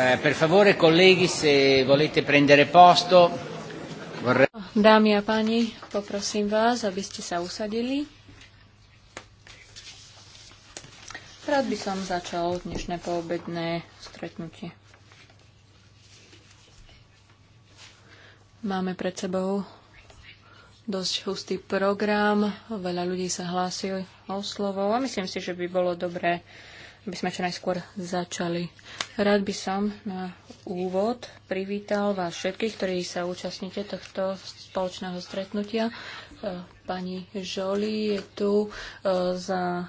Eh, per favore, colleghi, se volete prendere posto. Vorrei... Dámy a páni, poprosím vás, aby ste sa usadili. Rád by som začal dnešné poobedné stretnutie. Máme pred sebou dosť hustý program, veľa ľudí sa hlási o slovo a myslím si, že by bolo dobré aby sme čo najskôr začali. Rád by som na úvod privítal vás všetkých, ktorí sa účastníte tohto spoločného stretnutia. E, pani Žoli je tu e, za e,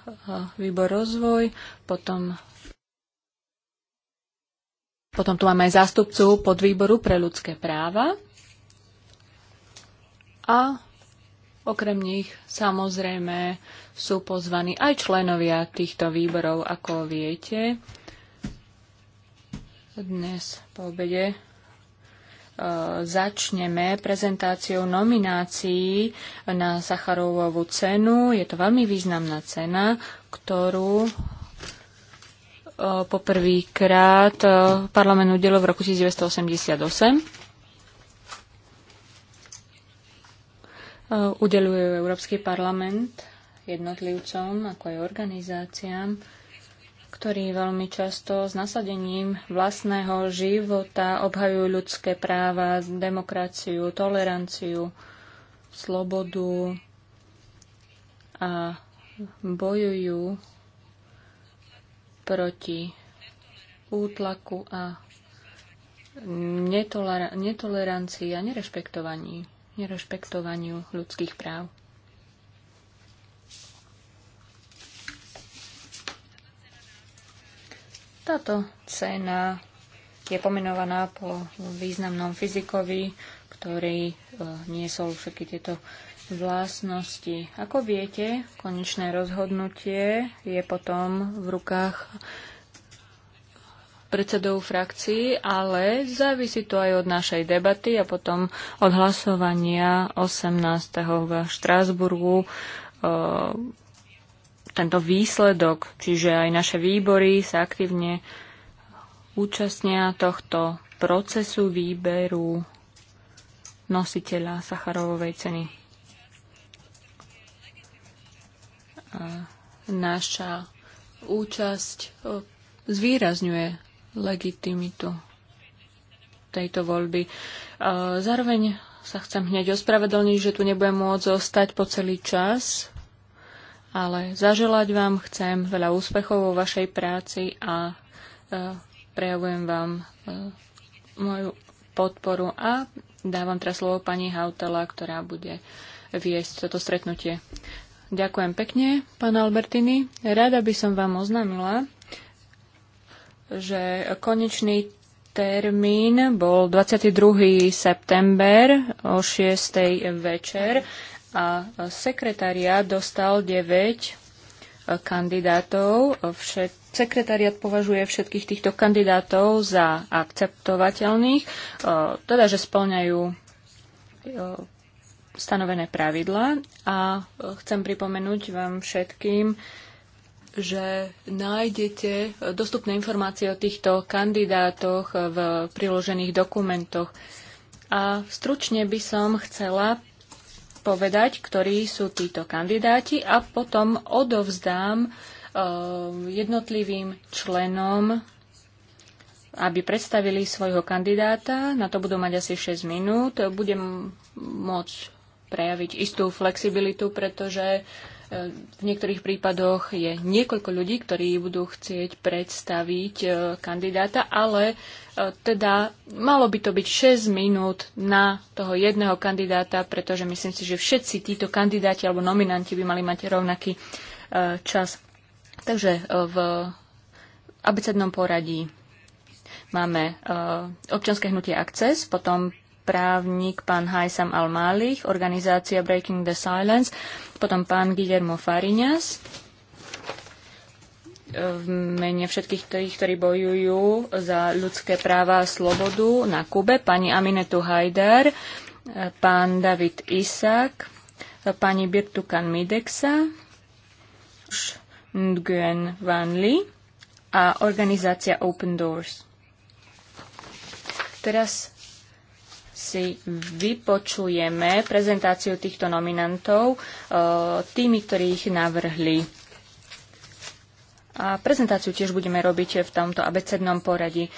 výbor rozvoj, potom potom tu máme aj zástupcu podvýboru pre ľudské práva. A okrem nich samozrejme sú pozvaní aj členovia týchto výborov, ako viete. Dnes po obede e, začneme prezentáciou nominácií na Sacharovovú cenu. Je to veľmi významná cena, ktorú e, poprvýkrát e, parlament udelil v roku 1988. Udeluje Európsky parlament jednotlivcom, ako aj organizáciám, ktorí veľmi často s nasadením vlastného života obhajujú ľudské práva, demokraciu, toleranciu, slobodu a bojujú proti útlaku a netolerancii a nerešpektovaní, nerešpektovaniu ľudských práv. Táto cena je pomenovaná po významnom fyzikovi, ktorý e, niesol všetky tieto vlastnosti. Ako viete, konečné rozhodnutie je potom v rukách predsedov frakcií, ale závisí to aj od našej debaty a potom od hlasovania 18. v Štrásburgu e, tento výsledok, čiže aj naše výbory sa aktívne účastnia tohto procesu výberu nositeľa Sacharovovej ceny. Naša účasť e, zvýrazňuje legitimitu tejto voľby. E, zároveň sa chcem hneď ospravedlniť, že tu nebudem môcť zostať po celý čas, ale zaželať vám chcem veľa úspechov vo vašej práci a e, prejavujem vám e, moju podporu a dávam teraz slovo pani Hautela, ktorá bude viesť toto stretnutie. Ďakujem pekne, pán Albertini. Rada by som vám oznámila, že konečný termín bol 22. september o 6. večer a sekretariat dostal 9 e, kandidátov. Všet, sekretariat považuje všetkých týchto kandidátov za akceptovateľných, e, teda že splňajú e, stanovené pravidla a chcem pripomenúť vám všetkým, že nájdete dostupné informácie o týchto kandidátoch v priložených dokumentoch. A stručne by som chcela povedať, ktorí sú títo kandidáti a potom odovzdám e, jednotlivým členom, aby predstavili svojho kandidáta. Na to budú mať asi 6 minút. Budem môcť prejaviť istú flexibilitu, pretože uh, v niektorých prípadoch je niekoľko ľudí, ktorí budú chcieť predstaviť e, kandidáta, ale e, teda malo by to byť 6 minút na toho jedného kandidáta, pretože myslím si, že všetci títo kandidáti alebo nominanti by mali mať rovnaký e, čas. Takže v abecednom poradí máme občanské hnutie Access, potom právnik pán Hajsam Al-Malich, organizácia Breaking the Silence, potom pán Guillermo Farinas v mene všetkých tých, ktorí bojujú za ľudské práva a slobodu na Kube, pani Aminetu Hajder, pán David Isak, pani Birtukan Midexa, Nguyen Van Lee a organizácia Open Doors. Teraz si vypočujeme prezentáciu týchto nominantov e, tými, ktorí ich navrhli. A prezentáciu tiež budeme robiť v tomto abecednom poradí.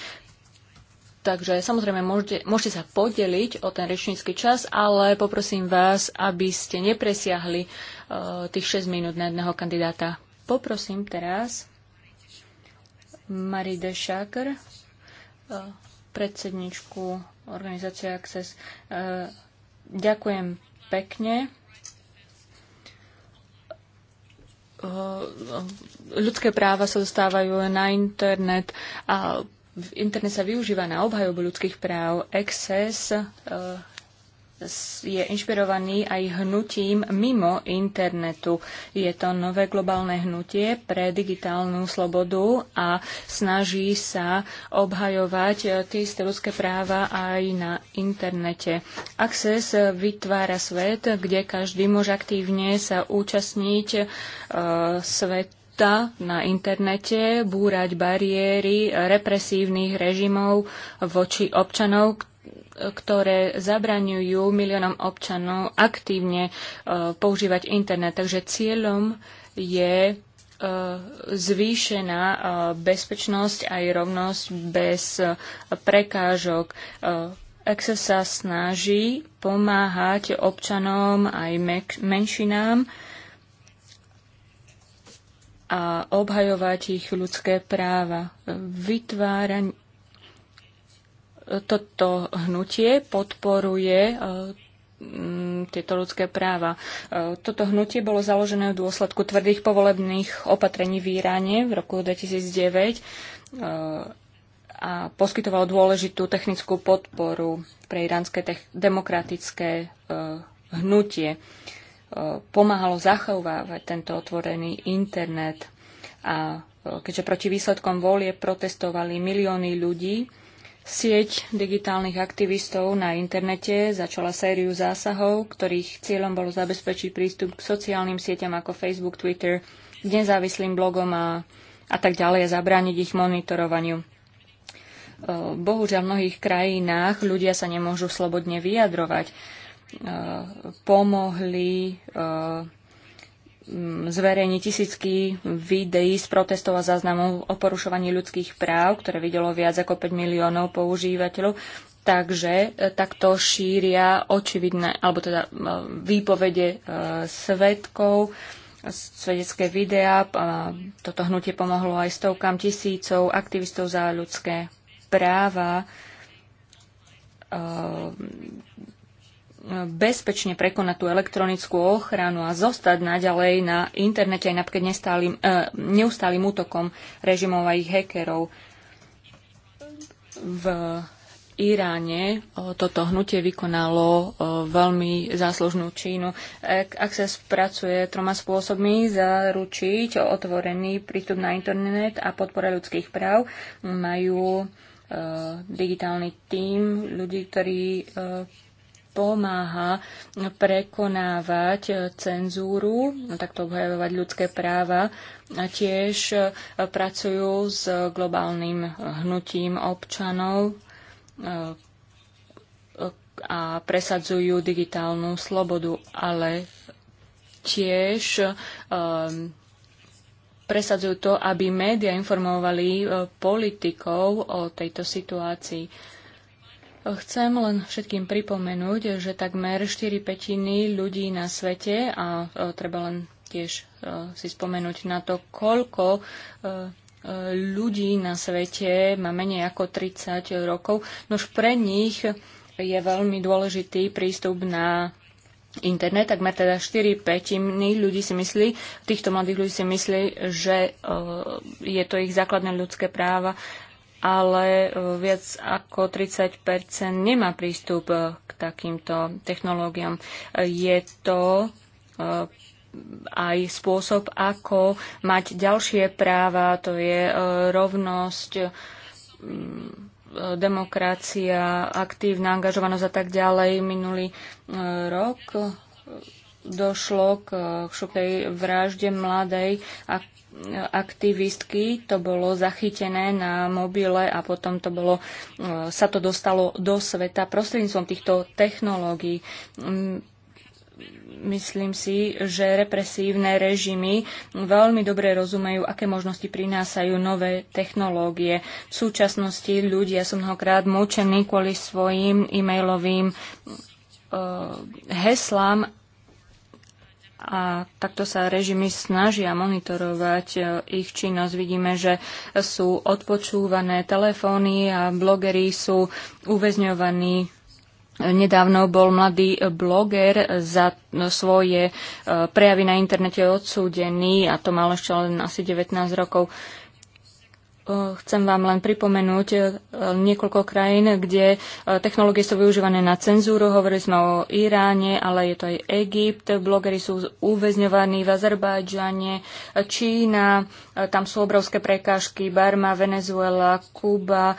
Takže samozrejme môžete, môžete sa podeliť o ten rečnícky čas, ale poprosím vás, aby ste nepresiahli uh, tých 6 minút na jedného kandidáta. Poprosím teraz Marie de Schaker, uh, e, predsedničku organizácia Access. Eh, ďakujem pekne. Eh, ľudské práva sa dostávajú na internet a internet sa využíva na obhajobu ľudských práv. Access eh, je inšpirovaný aj hnutím mimo internetu. Je to nové globálne hnutie pre digitálnu slobodu a snaží sa obhajovať e, tie isté ľudské práva aj na internete. Access vytvára svet, kde každý môže aktívne sa účastniť uh, e, svet na internete búrať bariéry represívnych režimov voči občanov, ktoré zabraňujú miliónom občanov aktívne e, používať internet. Takže cieľom je e, zvýšená e, bezpečnosť aj rovnosť bez prekážok. Access sa snaží pomáhať občanom aj menšinám a obhajovať ich ľudské práva. Vytváranie toto hnutie podporuje e, tieto ľudské práva. E, toto hnutie bolo založené v dôsledku tvrdých povolebných opatrení v Iráne v roku 2009 e, a poskytovalo dôležitú technickú podporu pre iránske demokratické hnutie. Pomáhalo zachovávať tento otvorený internet a keďže proti výsledkom volie protestovali milióny ľudí, Sieť digitálnych aktivistov na internete začala sériu zásahov, ktorých cieľom bolo zabezpečiť prístup k sociálnym sieťam ako Facebook, Twitter, k nezávislým blogom a, a tak ďalej a zabrániť ich monitorovaniu. E, bohužiaľ v mnohých krajinách ľudia sa nemôžu slobodne vyjadrovať. E, pomohli e, Mm, zverejní tisícky videí z protestov a záznamov o porušovaní ľudských práv, ktoré videlo viac ako 5 miliónov používateľov. Takže e, takto šíria očividné, alebo teda e, výpovede e, svetkov, svedecké videá. Toto hnutie pomohlo aj stovkám tisícov aktivistov za ľudské práva bezpečne prekonať tú elektronickú ochranu a zostať naďalej na internete aj napríklad nestálym, e, neustálým útokom režimov a ich hekerov. V Iráne e, toto hnutie vykonalo e, veľmi záslužnú činu. Ak, ak sa spracuje troma spôsobmi, zaručiť otvorený prístup na internet a podpora ľudských práv, majú e, digitálny tím ľudí, ktorí pomáha prekonávať cenzúru, no takto obhajovať ľudské práva a tiež e, pracujú s globálnym hnutím občanov e, a presadzujú digitálnu slobodu, ale tiež e, presadzujú to, aby média informovali politikov o tejto situácii. Chcem len všetkým pripomenúť, že takmer 4 petiny ľudí na svete a e, treba len tiež e, si spomenúť na to, koľko e, ľudí na svete má menej ako 30 rokov, nož pre nich je veľmi dôležitý prístup na internet, takmer teda 4 petiny ľudí si myslí, týchto mladých ľudí si myslí, že je to ich základné ľudské práva ale e, viac ako 30 nemá prístup e, k takýmto technológiám. E, je to aj spôsob, ako mať ďalšie práva, to je rovnosť, demokracia, aktívna angažovanosť a tak ďalej. Minulý rok došlo k šupej vražde mladej a aktivistky, to bolo zachytené na mobile a potom to bolo, e, sa to dostalo do sveta prostredníctvom týchto technológií. Myslím si, že represívne režimy veľmi dobre rozumejú, aké možnosti prinásajú nové technológie. V súčasnosti ľudia sú mnohokrát mučení kvôli svojim e-mailovým e, heslám a takto sa režimy snažia monitorovať e, ich činnosť. Vidíme, že sú odpočúvané telefóny a blogeri sú uväzňovaní. Nedávno bol mladý bloger za svoje e, prejavy na internete odsúdený a to mal ešte len asi 19 rokov. Chcem vám len pripomenúť e, niekoľko krajín, kde e, technológie sú využívané na cenzúru. Hovorili sme o Iráne, ale je to aj Egypt. Blogeri sú uväzňovaní v Azerbajdžane, Čína, e, tam sú obrovské prekážky, Barma, Venezuela, Kuba,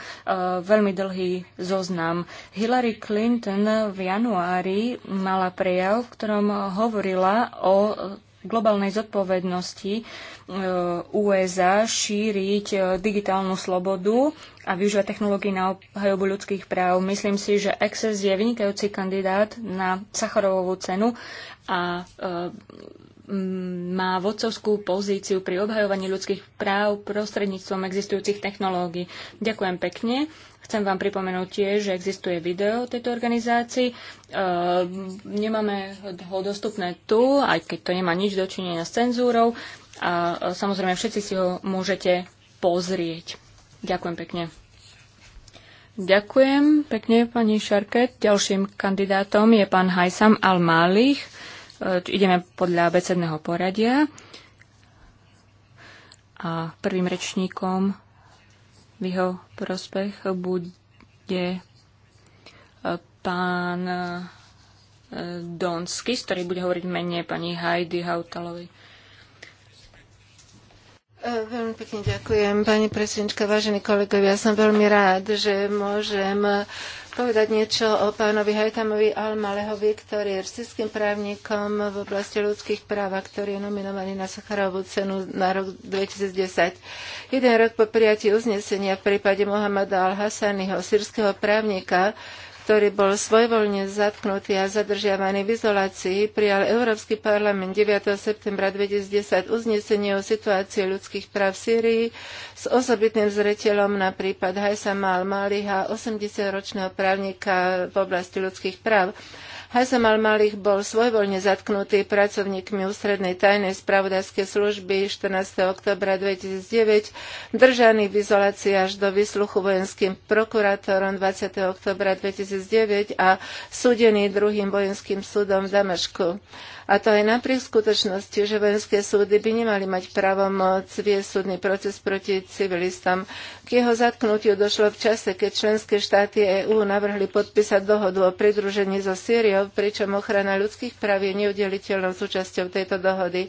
veľmi dlhý zoznam. Hillary Clinton v januári mala prejav, v ktorom hovorila o globálnej zodpovednosti e, USA šíriť e, digitálnu slobodu a využívať technológie na obhajobu ľudských práv. Myslím si, že Access je vynikajúci kandidát na Sacharovovú cenu a e, má vodcovskú pozíciu pri obhajovaní ľudských práv prostredníctvom existujúcich technológií. Ďakujem pekne. Chcem vám pripomenúť tiež, že existuje video tejto organizácii. Uh, nemáme ho dostupné tu, aj keď to nemá nič dočinenia s cenzúrou. A uh, samozrejme, všetci si ho môžete pozrieť. Ďakujem pekne. Ďakujem pekne, pani Šarket. Ďalším kandidátom je pán Hajsam Al-Malich. Uh, e, ideme podľa abecedného poradia. A prvým rečníkom v jeho prospech bude e, pán e, Donskis, ktorý bude hovoriť menej pani Heidi Hautalovej. Veľmi pekne ďakujem, pani predsednička, vážení kolegovia. Ja som veľmi rád, že môžem uh, povedať niečo o pánovi Hajtamovi Almalehovi, ktorý je rsickým právnikom v oblasti ľudských práv, ktorý je nominovaný na Sacharovú cenu na rok 2010. Jeden rok po prijatí uznesenia v prípade Mohamada Al-Hassaniho, sírskeho právnika, ktorý bol svojvoľne zatknutý a zadržiavaný v izolácii, prijal Európsky parlament 9. septembra 2010 uznesenie o situácii ľudských práv v Sýrii s osobitným zretelom na prípad Hajsama al-Maliha, 80-ročného právnika v oblasti ľudských práv. Hasam al-Malik bol svojvoľne zatknutý pracovníkmi ústrednej tajnej spravodajskej služby 14. oktobra 2009, držaný v izolácii až do vysluchu vojenským prokurátorom 20. oktobra 2009 a súdený druhým vojenským súdom v Damašku. A to aj napriek skutočnosti, že vojenské súdy by nemali mať právomoc viesť súdny proces proti civilistom. K jeho zatknutiu došlo v čase, keď členské štáty EÚ navrhli podpísať dohodu o pridružení so Sýriou, pričom ochrana ľudských práv je neudeliteľnou súčasťou tejto dohody.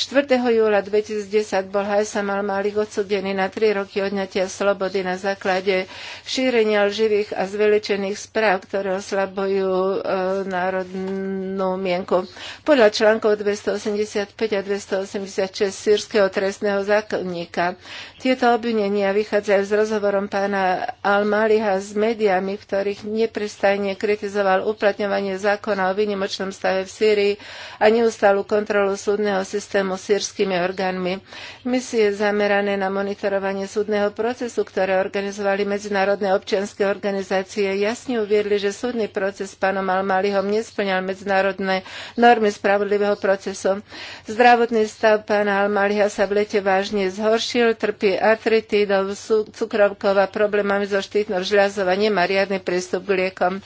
4. júla 2010 bol Hajsam al-Malik odsudený na 3 roky odňatia slobody na základe šírenia živých a zveličených správ, ktoré oslabujú e, národnú mienku. Podľa článkov 285 a 286 sírskeho trestného zákonníka. Tieto obvinenia vychádzajú z rozhovorom pána al-Maliha s médiami, v ktorých neprestajne kritizoval uplatňovanie zákona o výnimočnom stave v Sýrii a neustálu kontrolu súdneho systému priamo sírskymi orgánmi. Misie zamerané na monitorovanie súdneho procesu, ktoré organizovali medzinárodné občianske organizácie, jasne uviedli, že súdny proces s pánom Almalihom nesplňal medzinárodné normy spravodlivého procesu. Zdravotný stav pána Almaliha sa v lete vážne zhoršil, trpí artritídou, cukrovkov a problémami so štítnou žľazou a nemá riadny prístup k liekom.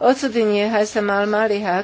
Odsudenie Hajsa al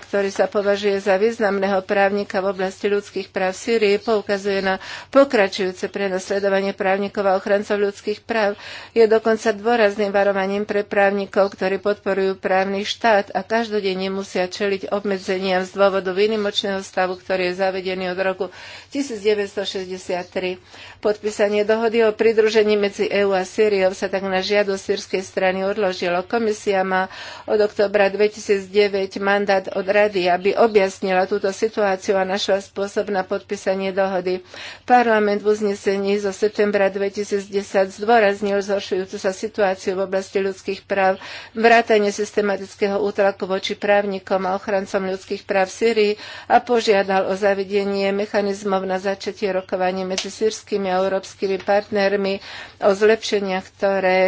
ktorý sa považuje za významného právnika v oblasti ľudských práv v Sýrii, poukazuje na pokračujúce prenasledovanie právnikov a ochrancov ľudských práv. Je dokonca dôrazným varovaním pre právnikov, ktorí podporujú právny štát a každodenne musia čeliť obmedzeniam z dôvodu výnimočného stavu, ktorý je zavedený od roku 1963. Podpísanie dohody o pridružení medzi EÚ a Sýriou sa tak na žiadosť sírskej strany odložilo. Komisia má od oktobra februára 2009 mandát od Rady, aby objasnila túto situáciu a našla spôsob na podpísanie dohody. Parlament v uznesení zo septembra 2010 zdôraznil zhoršujúcu sa situáciu v oblasti ľudských práv, vrátanie systematického útlaku voči právnikom a ochrancom ľudských práv v Syrii a požiadal o zavedenie mechanizmov na začatie rokovania medzi sírskymi a európskymi partnermi o zlepšeniach, ktoré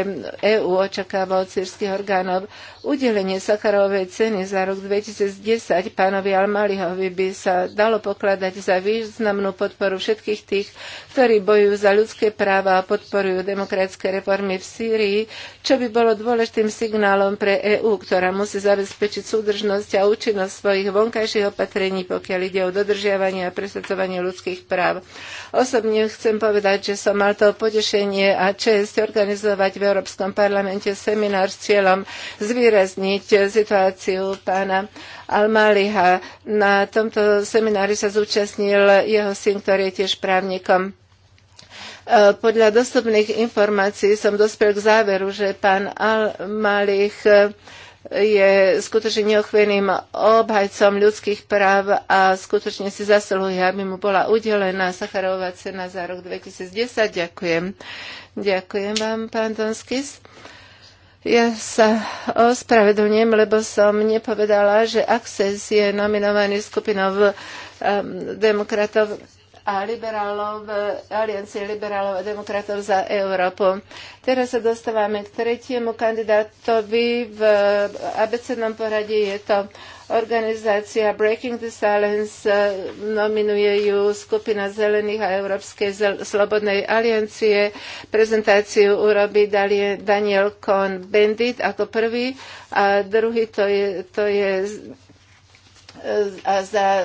EÚ očakáva od sírskych orgánov. Udelenie sa. Sacharovej ceny za rok 2010 pánovi Almalihovi by sa dalo pokladať za významnú podporu všetkých tých, ktorí bojujú za ľudské práva a podporujú demokratické reformy v Sýrii, čo by bolo dôležitým signálom pre EÚ, ktorá musí zabezpečiť súdržnosť a účinnosť svojich vonkajších opatrení, pokiaľ ide o dodržiavanie a presadzovanie ľudských práv. Osobne chcem povedať, že som mal to potešenie a čest organizovať v Európskom parlamente seminár s cieľom zvýrazniť situáciu pána Almaliha. Na tomto seminári sa zúčastnil jeho syn, ktorý je tiež právnikom. E, podľa dostupných informácií som dospel k záveru, že pán al je skutočne neochvejným obhajcom ľudských práv a skutočne si zasluhuje, aby mu bola udelená Sacharová cena za rok 2010. Ďakujem. Ďakujem vám, pán Donskis. Ja sa ospravedlňujem, lebo som nepovedala, že Access je nominovaný skupinou um, demokratov a liberálov, aliancie liberálov a demokratov za Európu. Teraz sa dostávame k tretiemu kandidátovi v abecednom poradí. Je to Organizácia Breaking the Silence eh, nominuje ju skupina Zelených a Európskej zel- Slobodnej aliancie. Prezentáciu urobí Daniel Cohn-Bendit ako prvý a druhý to je, to je eh, a za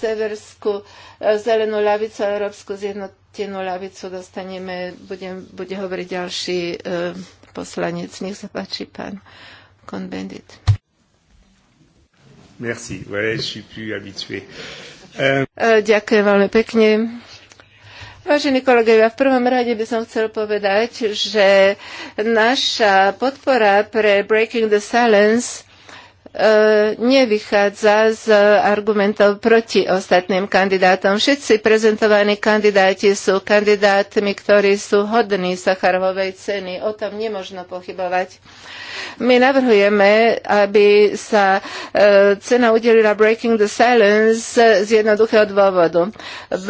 severskú eh, zelenú ľavicu a európsku zjednotenú ľavicu dostaneme, budem, bude hovoriť ďalší e, poslanec. Nech sa páči, pán Bendit. Merci, voilà, je suis plus habitué. E, ďakujem veľmi pekne. Vážení kolegovia, v prvom rade by som chcel povedať, že naša podpora pre Breaking the Silence E, nevychádza z argumentov proti ostatným kandidátom. Všetci prezentovaní kandidáti sú kandidátmi, ktorí sú hodní Sacharovej ceny. O tom nemožno pochybovať. My navrhujeme, aby sa e, cena udelila Breaking the Silence z jednoduchého dôvodu. V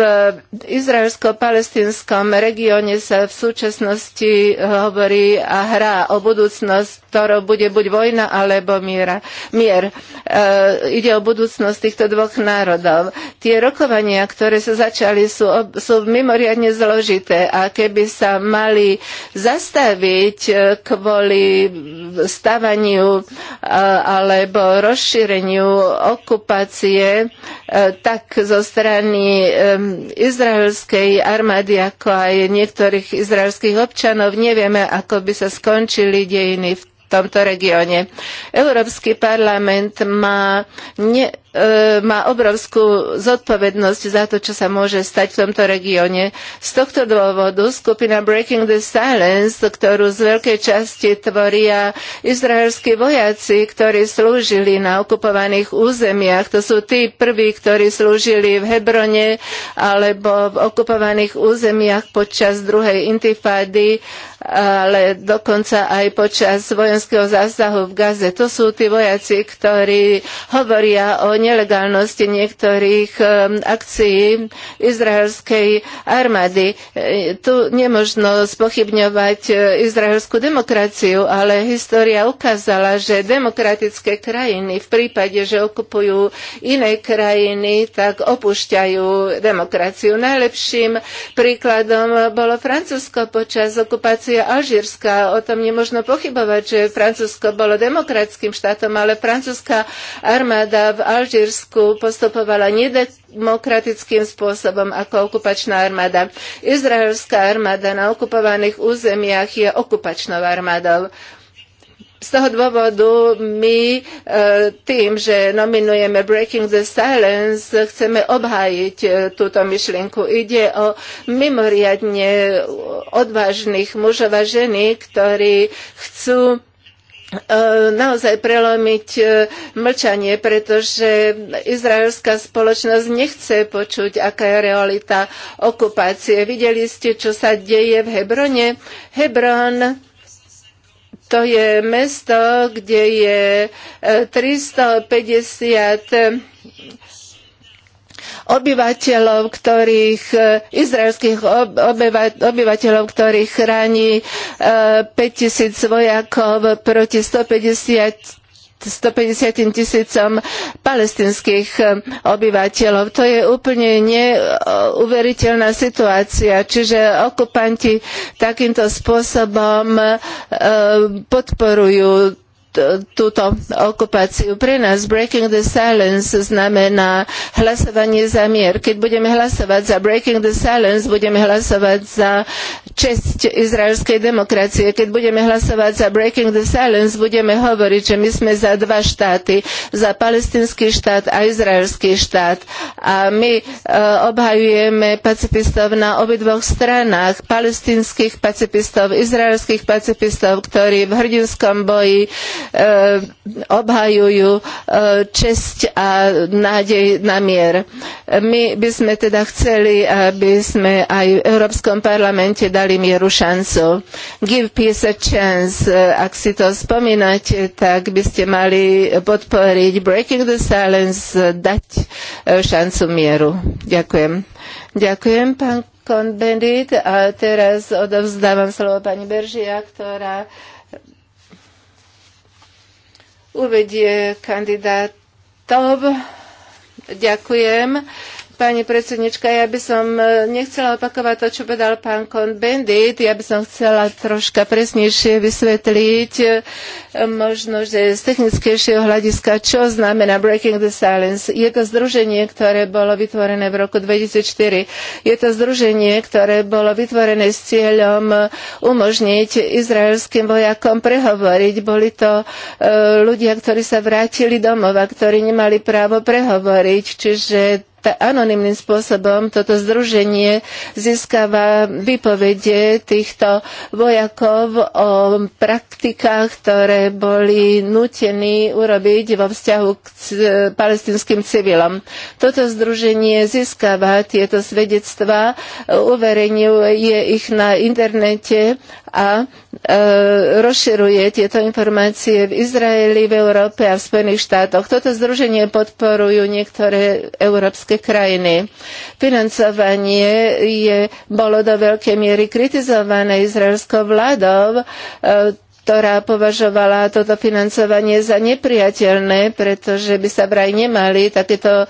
izraelsko-palestinskom regióne sa v súčasnosti hovorí a hrá o budúcnosť, ktorou bude buď vojna alebo míra mier. E, ide o budúcnosť týchto dvoch národov. Tie rokovania, ktoré sa začali, sú, sú mimoriadne zložité a keby sa mali zastaviť e, kvôli stavaniu e, alebo rozšíreniu okupácie, tak zo strany izraelskej armády, ako aj niektorých izraelských občanov, nevieme, ako by sa skončili dejiny v tomto regióne. Európsky parlament má ne, E, má obrovskú zodpovednosť za to, čo sa môže stať v tomto regióne. Z tohto dôvodu skupina Breaking the Silence, ktorú z veľkej časti tvoria izraelskí vojaci, ktorí slúžili na okupovaných územiach, to sú tí prví, ktorí slúžili v Hebrone alebo v okupovaných územiach počas druhej intifády ale dokonca aj počas vojenského zásahu v Gaze. To sú tí vojaci, ktorí hovoria o nelegálnosti niektorých akcií izraelskej armády. E, tu nemožno spochybňovať e, izraelskú demokraciu, ale história ukázala, že demokratické krajiny v prípade, že okupujú iné krajiny, tak opúšťajú demokraciu. Najlepším príkladom bolo Francúzsko počas okupácie Alžírska. O tom nemožno pochybovať, že Francúzsko bolo demokratickým štátom, ale francúzska armáda v Alžírsku Alžírsku postupovala nedemokratickým spôsobom ako okupačná armáda. Izraelská armáda na okupovaných územiach je okupačnou armádou. Z toho dôvodu my e, tým, že nominujeme Breaking the Silence, chceme obhájiť e, túto myšlienku. Ide o mimoriadne odvážnych mužov a ženy, ktorí chcú E, naozaj prelomiť e, mlčanie, pretože izraelská spoločnosť nechce počuť, aká je realita okupácie. Videli ste, čo sa deje v Hebrone. Hebron to je mesto, kde je 350 e, obyvateľov, ktorých, e, izraelských obyvateľov, ktorých chráni 5000 e, vojakov proti 150 150 tisícom palestinských e, obyvateľov. To je úplne neuveriteľná situácia. Čiže okupanti takýmto spôsobom podporujú túto okupáciu. Pre nás Breaking the Silence znamená hlasovanie za mier. Keď budeme hlasovať za Breaking the Silence, budeme hlasovať za česť izraelskej demokracie. Keď budeme hlasovať za Breaking the Silence, budeme hovoriť, že my sme za dva štáty, za palestinský štát a izraelský štát. A my e, obhajujeme pacifistov na obidvoch stranách, palestinských pacifistov, izraelských pacifistov, ktorí v hrdinskom boji Eh, obhajujú eh, česť a nádej na mier. My by sme teda chceli, aby sme aj v Európskom parlamente dali mieru šancu. Give peace a chance. Ak si to spomínate, tak by ste mali podporiť Breaking the Silence, dať eh, šancu mieru. Ďakujem. Ďakujem, pán Bendit A teraz odovzdávam slovo pani Beržia, ktorá uvedie kandidátov. Ďakujem. Pani predsednička, ja by som e, nechcela opakovať to, čo povedal pán Kon Bendit. Ja by som chcela troška presnejšie vysvetliť, e, možno, že z technickejšieho hľadiska, čo znamená Breaking the Silence. Je to združenie, ktoré bolo vytvorené v roku 2004. Je to združenie, ktoré bolo vytvorené s cieľom e, umožniť izraelským vojakom prehovoriť. Boli to ľudia, ktorí sa vrátili domov a ktorí nemali právo prehovoriť. Čiže anonymným spôsobom toto združenie získava výpovede týchto vojakov o praktikách, ktoré boli nutení urobiť vo vzťahu k palestinským civilom. Toto združenie získava tieto svedectvá, uverejňuje ich na internete a e, rozširuje tieto informácie v Izraeli, v Európe a v Spojených štátoch. Toto združenie podporujú niektoré európske členské krajiny. Financovanie je, bolo do veľkej miery kritizované izraelskou vládou. E, ktorá považovala toto financovanie za nepriateľné, pretože by sa vraj nemali takéto e,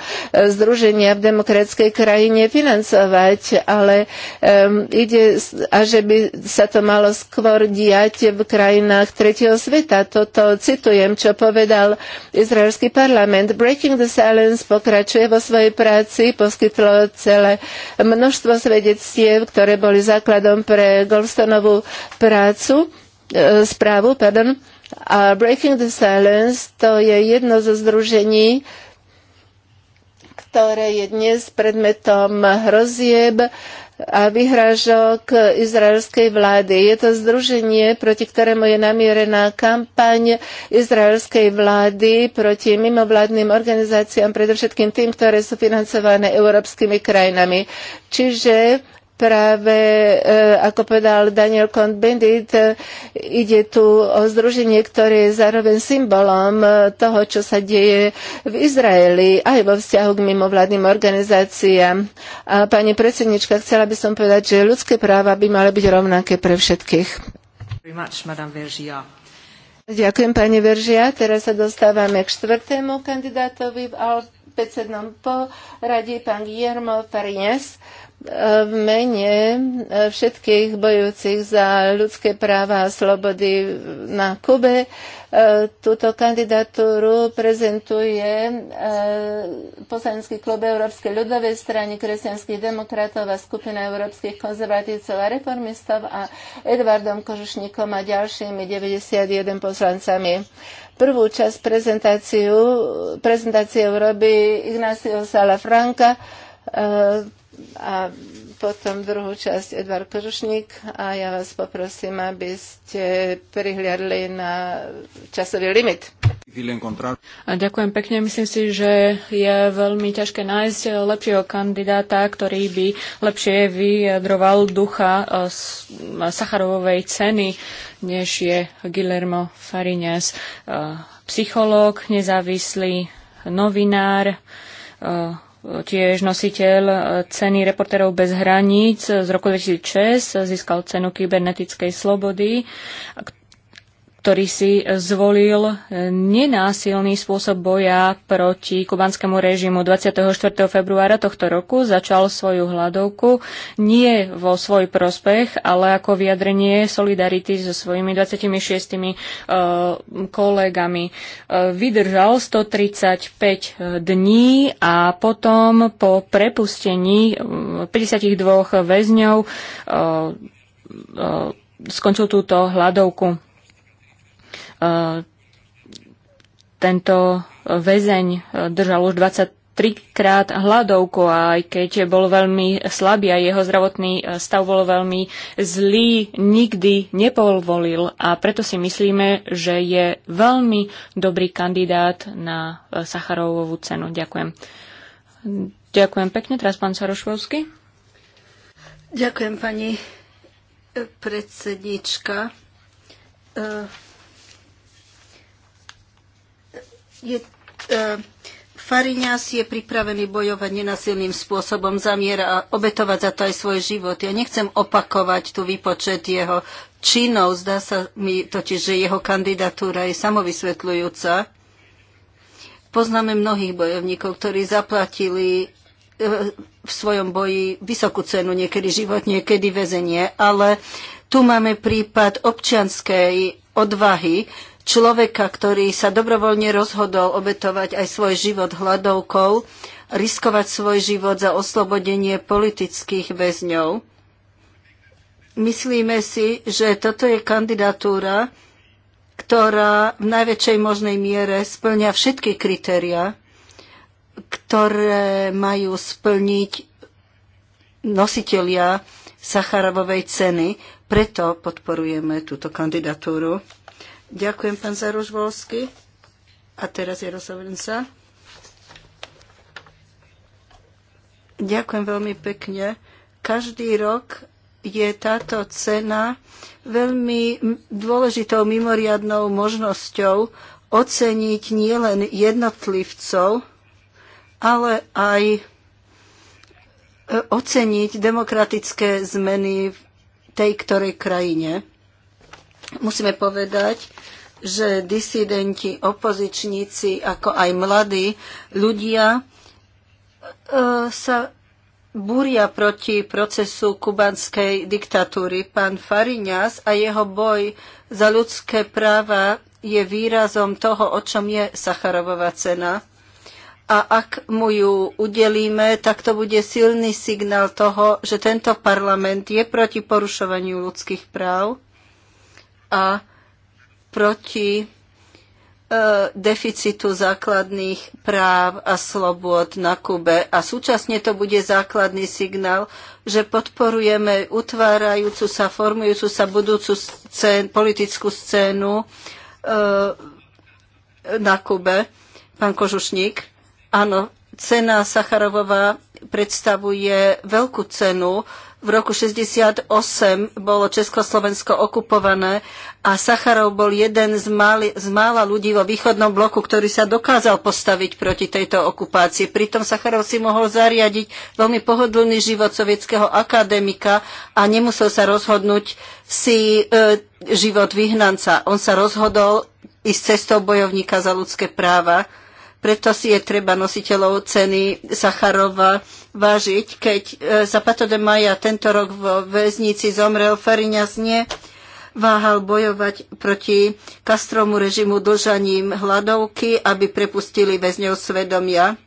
združenia v demokratickej krajine financovať, ale um, ide a že by sa to malo skôr diať v krajinách tretieho sveta. Toto citujem, čo povedal izraelský parlament. Breaking the Silence pokračuje vo svojej práci, poskytlo celé množstvo svedectiev, ktoré boli základom pre Goldstonovú prácu. E, správu, pardon, a Breaking the Silence to je jedno zo združení, ktoré je dnes predmetom hrozieb a vyhrážok izraelskej vlády. Je to združenie, proti ktorému je namierená kampaň izraelskej vlády proti mimovládnym organizáciám, predovšetkým tým, ktoré sú financované európskymi krajinami. Čiže práve, e, ako povedal Daniel Cohn-Bendit, e, ide tu o združenie, ktoré je zároveň symbolom e, toho, čo sa deje v Izraeli, aj vo vzťahu k mimovládnym organizáciám. A pani predsednička, chcela by som povedať, že ľudské práva by mali byť rovnaké pre všetkých. Ďakujem, pani Veržia. Teraz sa dostávame k štvrtému kandidátovi v Alpecednom poradí, pán Guillermo Farines v mene e, všetkých bojúcich za ľudské práva a slobody na Kube. E, túto kandidatúru prezentuje e, poslanecký klub Európskej ľudovej strany kresťanských demokratov a skupina európskych konzervatívcov a reformistov a Edvardom Kožušníkom a ďalšími 91 poslancami. Prvú časť prezentáciu, prezentáciu robí Ignacio Salafranca, a potom druhú časť Edvard Kožušník a ja vás poprosím, aby ste prihliadli na časový limit. A ďakujem pekne. Myslím si, že je veľmi ťažké nájsť lepšieho kandidáta, ktorý by lepšie vyjadroval ducha e, e, Sacharovovej ceny, než je Guillermo Farines. E, psychológ, nezávislý novinár, tiež nositeľ e, ceny Reportérov bez hraníc z roku 2006, získal cenu kybernetickej slobody, ktorý si zvolil nenásilný spôsob boja proti kubanskému režimu. 24. februára tohto roku začal svoju hladovku nie vo svoj prospech, ale ako vyjadrenie solidarity so svojimi 26 eh, kolegami. Eh, vydržal 135 dní a potom po prepustení 52 eh, väzňov skončil túto hladovku Eh, tento väzeň eh, držal už 20 trikrát hladovku a aj keď bol veľmi slabý a jeho zdravotný eh, stav bol veľmi zlý, nikdy nepovolil a preto si myslíme, že je veľmi dobrý kandidát na Sacharovovú cenu. Ďakujem. Ďakujem pekne. Teraz pán Sarošovský. Ďakujem pani predsednička. je, e, Fariňas je pripravený bojovať nenasilným spôsobom za mier a obetovať za to aj svoj život. Ja nechcem opakovať tu výpočet jeho činov. Zdá sa mi totiž, že jeho kandidatúra je samovysvetľujúca. Poznáme mnohých bojovníkov, ktorí zaplatili e, v svojom boji vysokú cenu, niekedy život, niekedy väzenie, ale tu máme prípad občianskej odvahy, človeka, ktorý sa dobrovoľne rozhodol obetovať aj svoj život hladovkou, riskovať svoj život za oslobodenie politických väzňov. Myslíme si, že toto je kandidatúra, ktorá v najväčšej možnej miere splňa všetky kritéria, ktoré majú splniť nositelia Sacharovovej ceny. Preto podporujeme túto kandidatúru. Ďakujem, pán Zaroš Volsky. A teraz Jaroslav Renca. Ďakujem veľmi pekne. Každý rok je táto cena veľmi dôležitou mimoriadnou možnosťou oceniť nielen jednotlivcov, ale aj e, oceniť demokratické zmeny v tej ktorej krajine. Musíme povedať, že disidenti, opozičníci, ako aj mladí ľudia e, sa búria proti procesu kubanskej diktatúry. Pán Fariňas a jeho boj za ľudské práva je výrazom toho, o čom je Sacharovová cena. A ak mu ju udelíme, tak to bude silný signál toho, že tento parlament je proti porušovaniu ľudských práv a proti e, deficitu základných práv a slobôd na Kube. A súčasne to bude základný signál, že podporujeme utvárajúcu sa, formujúcu sa budúcu scén, politickú scénu e, na Kube. Pán Kožušník, áno, cena Sacharovová predstavuje veľkú cenu v roku 68 bolo Československo okupované a Sacharov bol jeden z, mali, z mála ľudí vo východnom bloku, ktorý sa dokázal postaviť proti tejto okupácii. Pritom Sacharov si mohol zariadiť veľmi pohodlný život sovietského akademika a nemusel sa rozhodnúť si e, život vyhnanca. On sa rozhodol ísť cestou bojovníka za ľudské práva preto si je treba nositeľov ceny Sacharova vážiť. Keď e, Zapato de Maja tento rok v väznici zomrel, Fariňas nie váhal bojovať proti Kastromu režimu dlžaním hladovky, aby prepustili väzňov svedomia.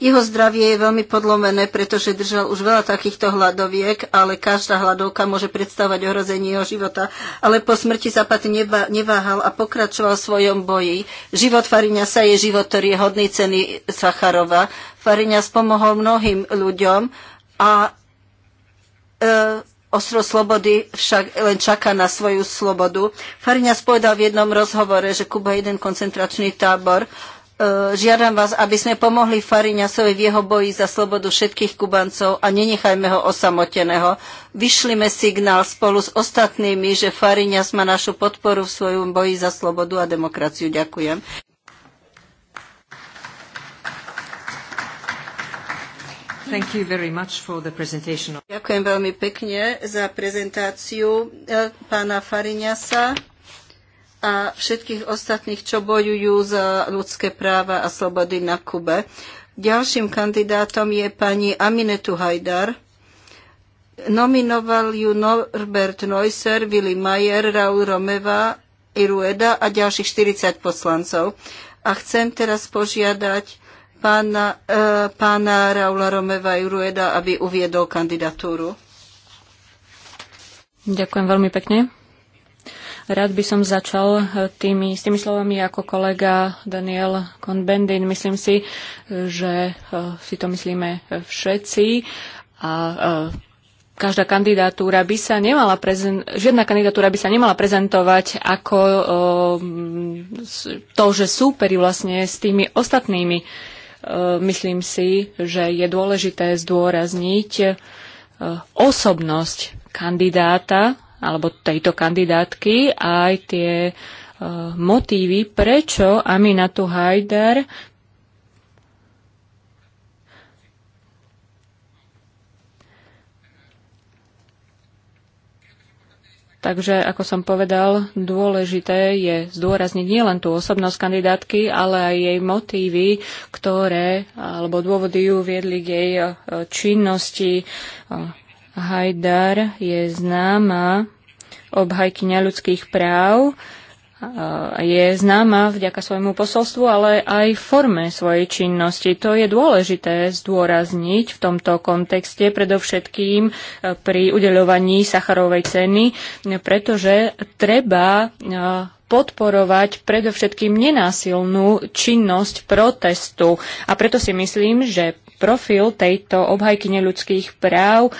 Jeho zdravie je veľmi podlomené, pretože držal už veľa takýchto hladoviek, ale každá hladovka môže predstavovať ohrozenie jeho života. Ale po smrti Zapat neváhal a pokračoval v svojom boji. Život Fariňa sa je život, ktorý je hodný ceny Sacharova. Fariňa spomohol mnohým ľuďom a e, Ostro slobody však len čaká na svoju slobodu. Fariňa povedal v jednom rozhovore, že Kuba je jeden koncentračný tábor, E, žiadam vás, aby sme pomohli Fariňasovi v jeho boji za slobodu všetkých Kubancov a nenechajme ho osamoteného. Vyšlime signál spolu s ostatnými, že Fariňas má našu podporu v svojom boji za slobodu a demokraciu. Ďakujem. Ďakujem veľmi pekne za prezentáciu e, pána Fariňasa a všetkých ostatných, čo bojujú za ľudské práva a slobody na Kube. Ďalším kandidátom je pani Aminetu Hajdar. Nominoval ju Norbert Neusser, Willy Mayer, Raul Romeva, Irueda a ďalších 40 poslancov. A chcem teraz požiadať pána, e, pána Raula Romeva Irueda, aby uviedol kandidatúru. Ďakujem veľmi pekne. Rád by som začal eh, tými, s tými slovami ako kolega Daniel Bendin. Myslím si, že eh, si to myslíme eh, všetci a každá kandidatúra by sa nemala prezen- žiadna kandidatúra by sa nemala prezentovať ako o, to, že súperi vlastne s tými ostatnými. E, myslím si, že je dôležité zdôrazniť osobnosť kandidáta alebo tejto kandidátky aj tie e, motívy, prečo Aminatu Hajdar Takže, ako som povedal, dôležité je zdôrazniť nielen tú osobnosť kandidátky, ale aj jej motívy, ktoré alebo dôvody ju viedli k jej e, činnosti, e, Hajdar je známa obhajkyňa ľudských práv, je známa vďaka svojmu posolstvu, ale aj forme svojej činnosti. To je dôležité zdôrazniť v tomto kontexte, predovšetkým e, pri udeľovaní Sacharovej ceny, pretože treba e, podporovať predovšetkým nenásilnú činnosť protestu. A preto si myslím, že profil tejto obhajky ľudských práv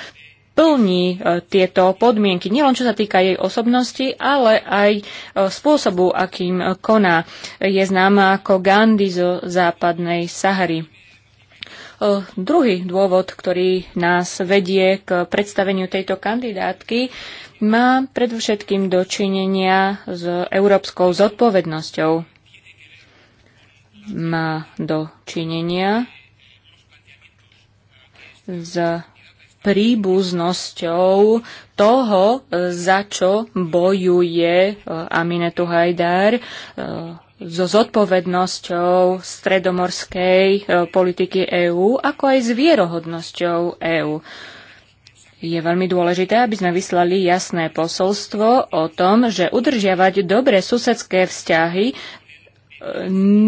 plní e, tieto podmienky, nielen čo sa týka jej osobnosti, ale aj e, spôsobu, akým e, koná. Je známa ako Gandhi zo západnej Sahary. Druhý dôvod, ktorý nás vedie k predstaveniu tejto kandidátky, má predovšetkým dočinenia s európskou zodpovednosťou. Má dočinenia s príbuznosťou toho, za čo bojuje e, Aminetu Hajdar e, so zodpovednosťou stredomorskej e, politiky EÚ, ako aj s vierohodnosťou EÚ. Je veľmi dôležité, aby sme vyslali jasné posolstvo o tom, že udržiavať dobré susedské vzťahy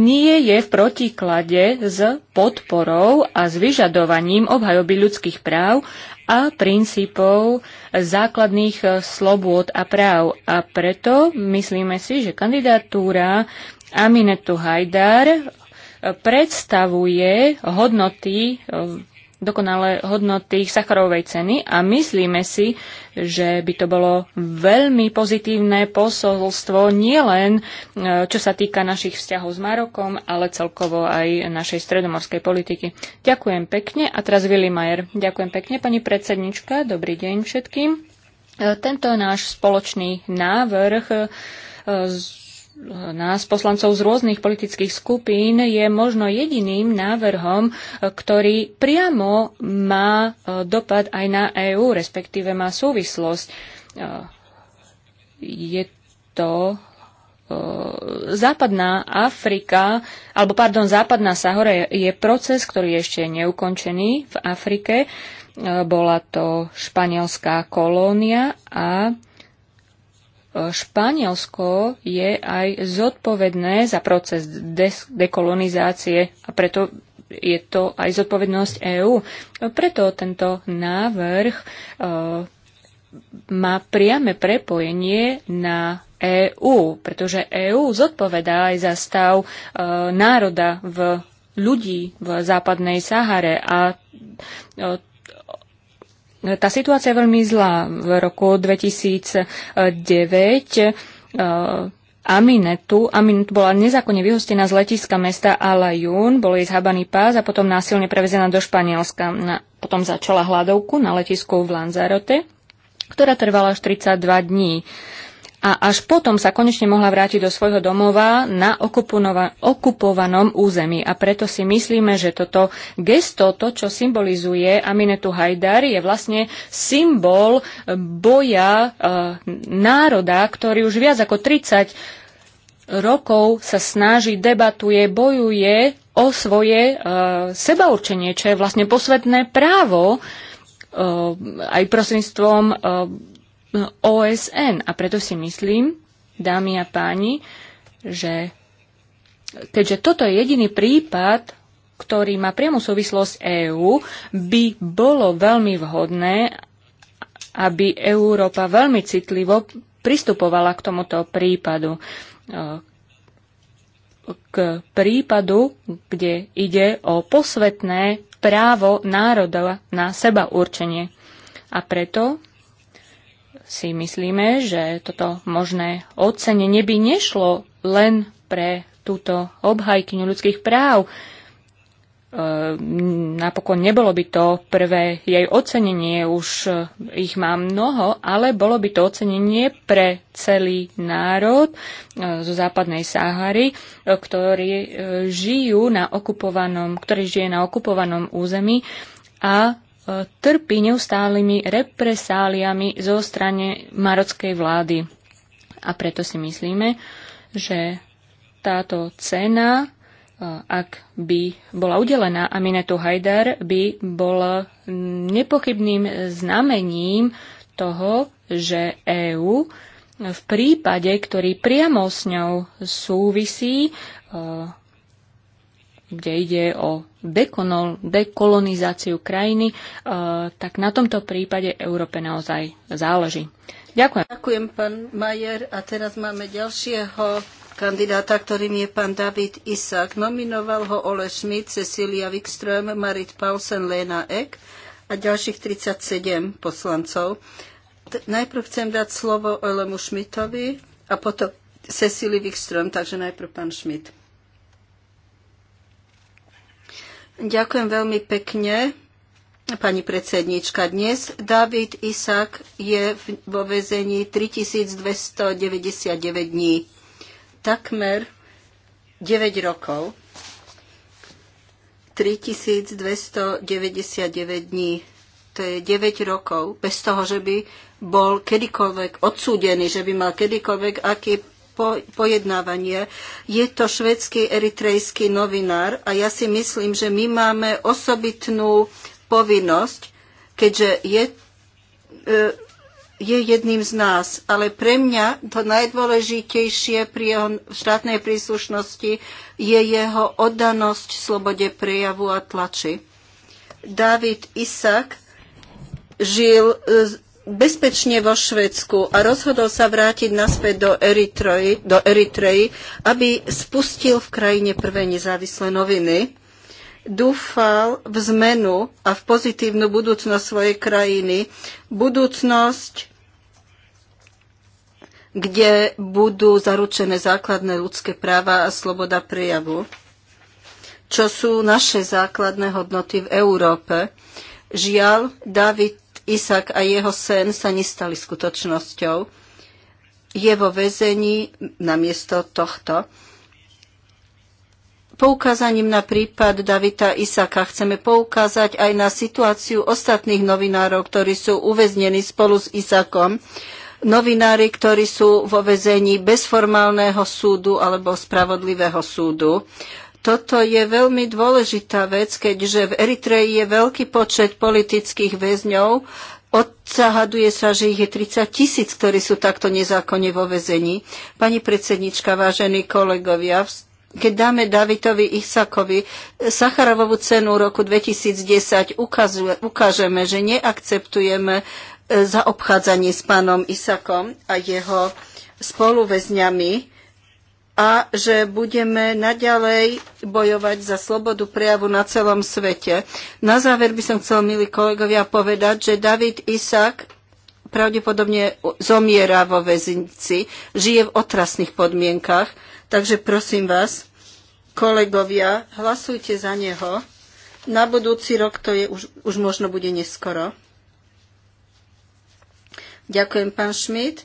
nie je v protiklade s podporou a s vyžadovaním obhajoby ľudských práv a princípov základných eh, slobôd a práv. A preto myslíme si, že kandidatúra Aminetu Hajdar eh, predstavuje hodnoty eh, dokonalé hodnoty Sacharovej ceny a myslíme si, že by to bolo veľmi pozitívne posolstvo nielen e, čo sa týka našich vzťahov s Marokom, ale celkovo aj našej stredomorskej politiky. Ďakujem pekne a teraz Willy Mayer. Ďakujem pekne pani predsednička, dobrý deň všetkým. E, tento náš spoločný návrh e, nás, poslancov z rôznych politických skupín, je možno jediným návrhom, e, ktorý priamo má e, dopad aj na EÚ, respektíve má súvislosť. E, je to západná Afrika, alebo pardon, západná Sahora je proces, ktorý je ešte neukončený v Afrike. Bola to španielská kolónia a Španielsko je aj zodpovedné za proces dekolonizácie a preto je to aj zodpovednosť EÚ. Preto tento návrh e, má priame prepojenie na EÚ, pretože EÚ zodpovedá aj za stav e, národa v ľudí v západnej Sahare a e, tá situácia je veľmi zlá. V roku 2009 eh, Aminetu. Aminet bola nezákonne vyhostená z letiska mesta Alajún, bol jej zhabaný pás a potom násilne prevezená do Španielska. Na, potom začala hladovku na letisku v Lanzarote, ktorá trvala až 32 dní a až potom sa konečne mohla vrátiť do svojho domova na okupovanom území. A preto si myslíme, že toto gesto, to, čo symbolizuje Aminetu Hajdar, je vlastne symbol boja e, národa, ktorý už viac ako 30 rokov sa snaží, debatuje, bojuje o svoje e, sebaurčenie, čo je vlastne posvetné právo e, aj prostredníctvom e, OSN. A preto si myslím, dámy a páni, že keďže toto je jediný prípad, ktorý má priamu súvislosť EÚ, by bolo veľmi vhodné, aby Európa veľmi citlivo pristupovala k tomuto prípadu. K prípadu, kde ide o posvetné právo národa na seba určenie. A preto si myslíme, že toto možné ocenenie by nešlo len pre túto obhajkyňu ľudských práv. E, napokon nebolo by to prvé jej ocenenie, už e, ich má mnoho, ale bolo by to ocenenie pre celý národ e, zo západnej Sáhary, e, ktorí e, žijú na okupovanom, ktorý žije na okupovanom území a trpí neustálými represáliami zo strane marockej vlády. A preto si myslíme, že táto cena, ak by bola udelená Aminetu Hajdar, by bol nepochybným znamením toho, že EÚ v prípade, ktorý priamo s ňou súvisí, kde ide o dekolonizáciu krajiny, e, tak na tomto prípade Európe naozaj záleží. Ďakujem. Ďakujem, pán Majer. A teraz máme ďalšieho kandidáta, ktorým je pán David Isak. Nominoval ho Ole Schmidt, Cecilia Wikström, Marit Paulsen, Lena Ek a ďalších 37 poslancov. najprv chcem dať slovo Olemu Schmidtovi a potom Cecily Wikström, takže najprv pán Schmidt. Ďakujem veľmi pekne, pani predsednička. Dnes David Isak je vo vezení 3299 dní, takmer 9 rokov. 3299 dní, to je 9 rokov, bez toho, že by bol kedykoľvek odsúdený, že by mal kedykoľvek aký po, pojednávanie. Je to švedský eritrejský novinár a ja si myslím, že my máme osobitnú povinnosť, keďže je, e, je jedným z nás. Ale pre mňa to najdôležitejšie pri jeho štátnej príslušnosti je jeho oddanosť slobode prejavu a tlači. David Isak žil e, bezpečne vo Švedsku a rozhodol sa vrátiť naspäť do Eritreji, do Eritreji, aby spustil v krajine prvé nezávislé noviny. Dúfal v zmenu a v pozitívnu budúcnosť svojej krajiny. Budúcnosť, kde budú zaručené základné ľudské práva a sloboda prejavu, čo sú naše základné hodnoty v Európe. Žiaľ, David Isak a jeho sen sa nestali skutočnosťou. Je vo väzení namiesto tohto. Poukázaním na prípad Davida Isaka chceme poukázať aj na situáciu ostatných novinárov, ktorí sú uväznení spolu s Isakom. Novinári, ktorí sú vo väzení bez formálneho súdu alebo spravodlivého súdu. Toto je veľmi dôležitá vec, keďže v Eritreji je veľký počet politických väzňov. Odsahaduje sa, že ich je 30 tisíc, ktorí sú takto nezákonne vo väzení. Pani predsednička, vážení kolegovia, keď dáme Davidovi Isakovi Sacharovovú cenu roku 2010, ukazuje, ukážeme, že neakceptujeme e, zaobchádzanie s pánom Isakom a jeho spoluväzňami a že budeme naďalej bojovať za slobodu prejavu na celom svete. Na záver by som chcel, milí kolegovia, povedať, že David Isak pravdepodobne zomiera vo väznici, žije v otrasných podmienkach, takže prosím vás, kolegovia, hlasujte za neho. Na budúci rok to je už, už možno bude neskoro. Ďakujem, pán Schmidt.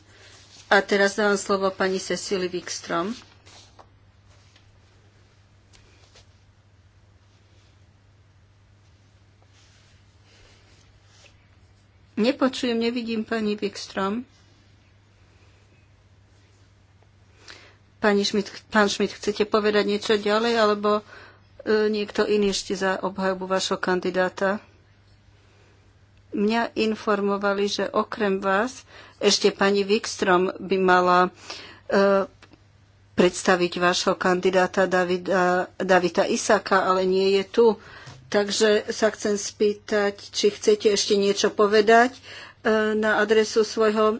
A teraz dávam slovo pani Cecily Wikstrom. Nepočujem, nevidím pani Wikström. Pani Schmidt, pán Schmidt, chcete povedať niečo ďalej, alebo e, niekto iný ešte za obhajobu vašho kandidáta? Mňa informovali, že okrem vás ešte pani Wikström by mala e, predstaviť vášho kandidáta Davida, Davida Isaka, ale nie je tu. E, Takže sa chcem spýtať, či chcete ešte niečo povedať e, na adresu svojho.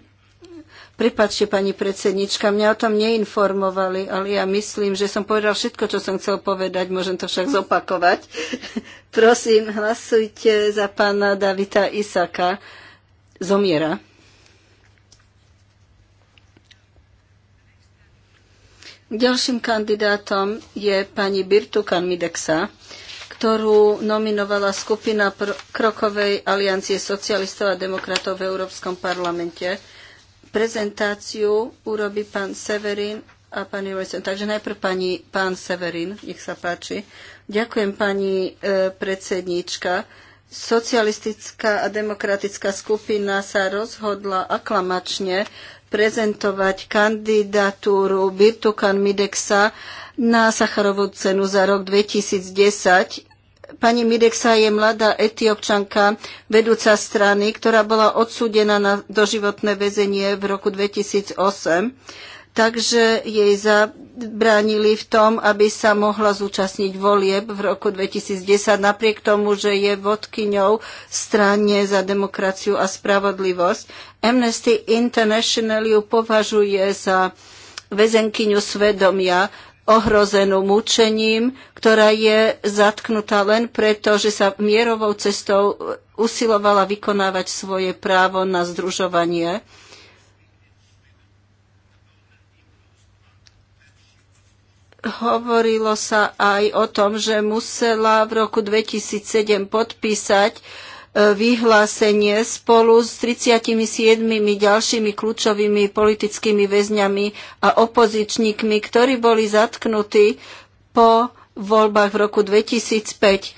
Prepačte, pani predsednička, mňa o tom neinformovali, ale ja myslím, že som povedal všetko, čo som chcel povedať, môžem to však zopakovať. Prosím, hlasujte za pána Davita Isaka. Zomiera. Ďalším kandidátom je pani Birtukan Mideksa ktorú nominovala skupina Krokovej aliancie socialistov a demokratov v Európskom parlamente. Prezentáciu urobí pán Severin a pani Rojsen. Takže najprv pani, pán Severin, nech sa páči. Ďakujem pani e, predsedníčka. Socialistická a demokratická skupina sa rozhodla aklamačne prezentovať kandidatúru Birtukan Midexa na Sacharovú cenu za rok 2010. Pani Mideksa je mladá etiopčanka, vedúca strany, ktorá bola odsúdená na doživotné väzenie v roku 2008 takže jej zabránili v tom, aby sa mohla zúčastniť volieb v roku 2010, napriek tomu, že je vodkyňou strane za demokraciu a spravodlivosť. Amnesty International ju považuje za väzenkyňu svedomia ohrozenú mučením, ktorá je zatknutá len preto, že sa mierovou cestou usilovala vykonávať svoje právo na združovanie. Hovorilo sa aj o tom, že musela v roku 2007 podpísať vyhlásenie spolu s 37 ďalšími kľúčovými politickými väzňami a opozičníkmi, ktorí boli zatknutí po voľbách v roku 2005. E,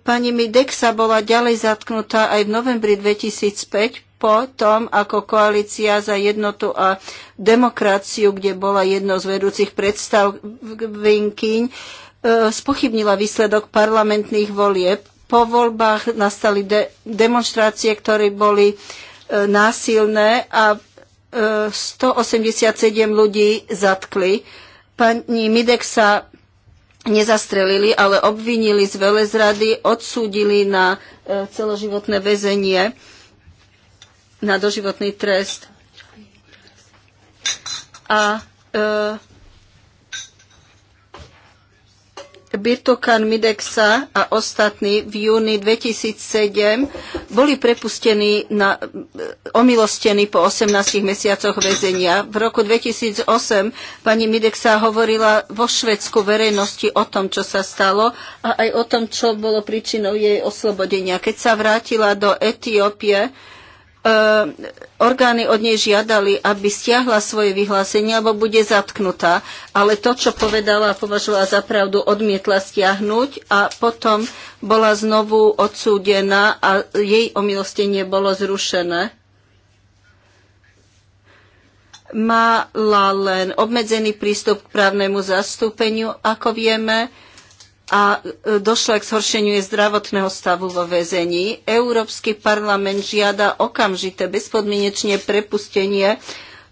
pani Midexa bola ďalej zatknutá aj v novembri 2005 po tom, ako koalícia za jednotu a demokraciu, kde bola jedno z vedúcich Vinkyň, e, spochybnila výsledok parlamentných volieb. Po voľbách nastali de- demonstrácie, ktoré boli e, násilné a e, 187 ľudí zatkli. Pani Midek sa nezastrelili, ale obvinili z velezrady, odsúdili na e, celoživotné väzenie, na doživotný trest. A e, Birtokan Midexa a ostatní v júni 2007 boli prepustení, na, omilostení po 18 mesiacoch väzenia. V roku 2008 pani Midexa hovorila vo Švedsku verejnosti o tom, čo sa stalo a aj o tom, čo bolo príčinou jej oslobodenia. Keď sa vrátila do Etiópie, Ehm, orgány od nej žiadali, aby stiahla svoje vyhlásenie, alebo bude zatknutá. Ale to, čo povedala a považovala za pravdu, odmietla stiahnuť a potom bola znovu odsúdená a jej omilostenie bolo zrušené. Mala len obmedzený prístup k právnemu zastúpeniu, ako vieme, a e, došlo k zhoršeniu zdravotného stavu vo väzení. Európsky parlament žiada okamžité bezpodmienečne prepustenie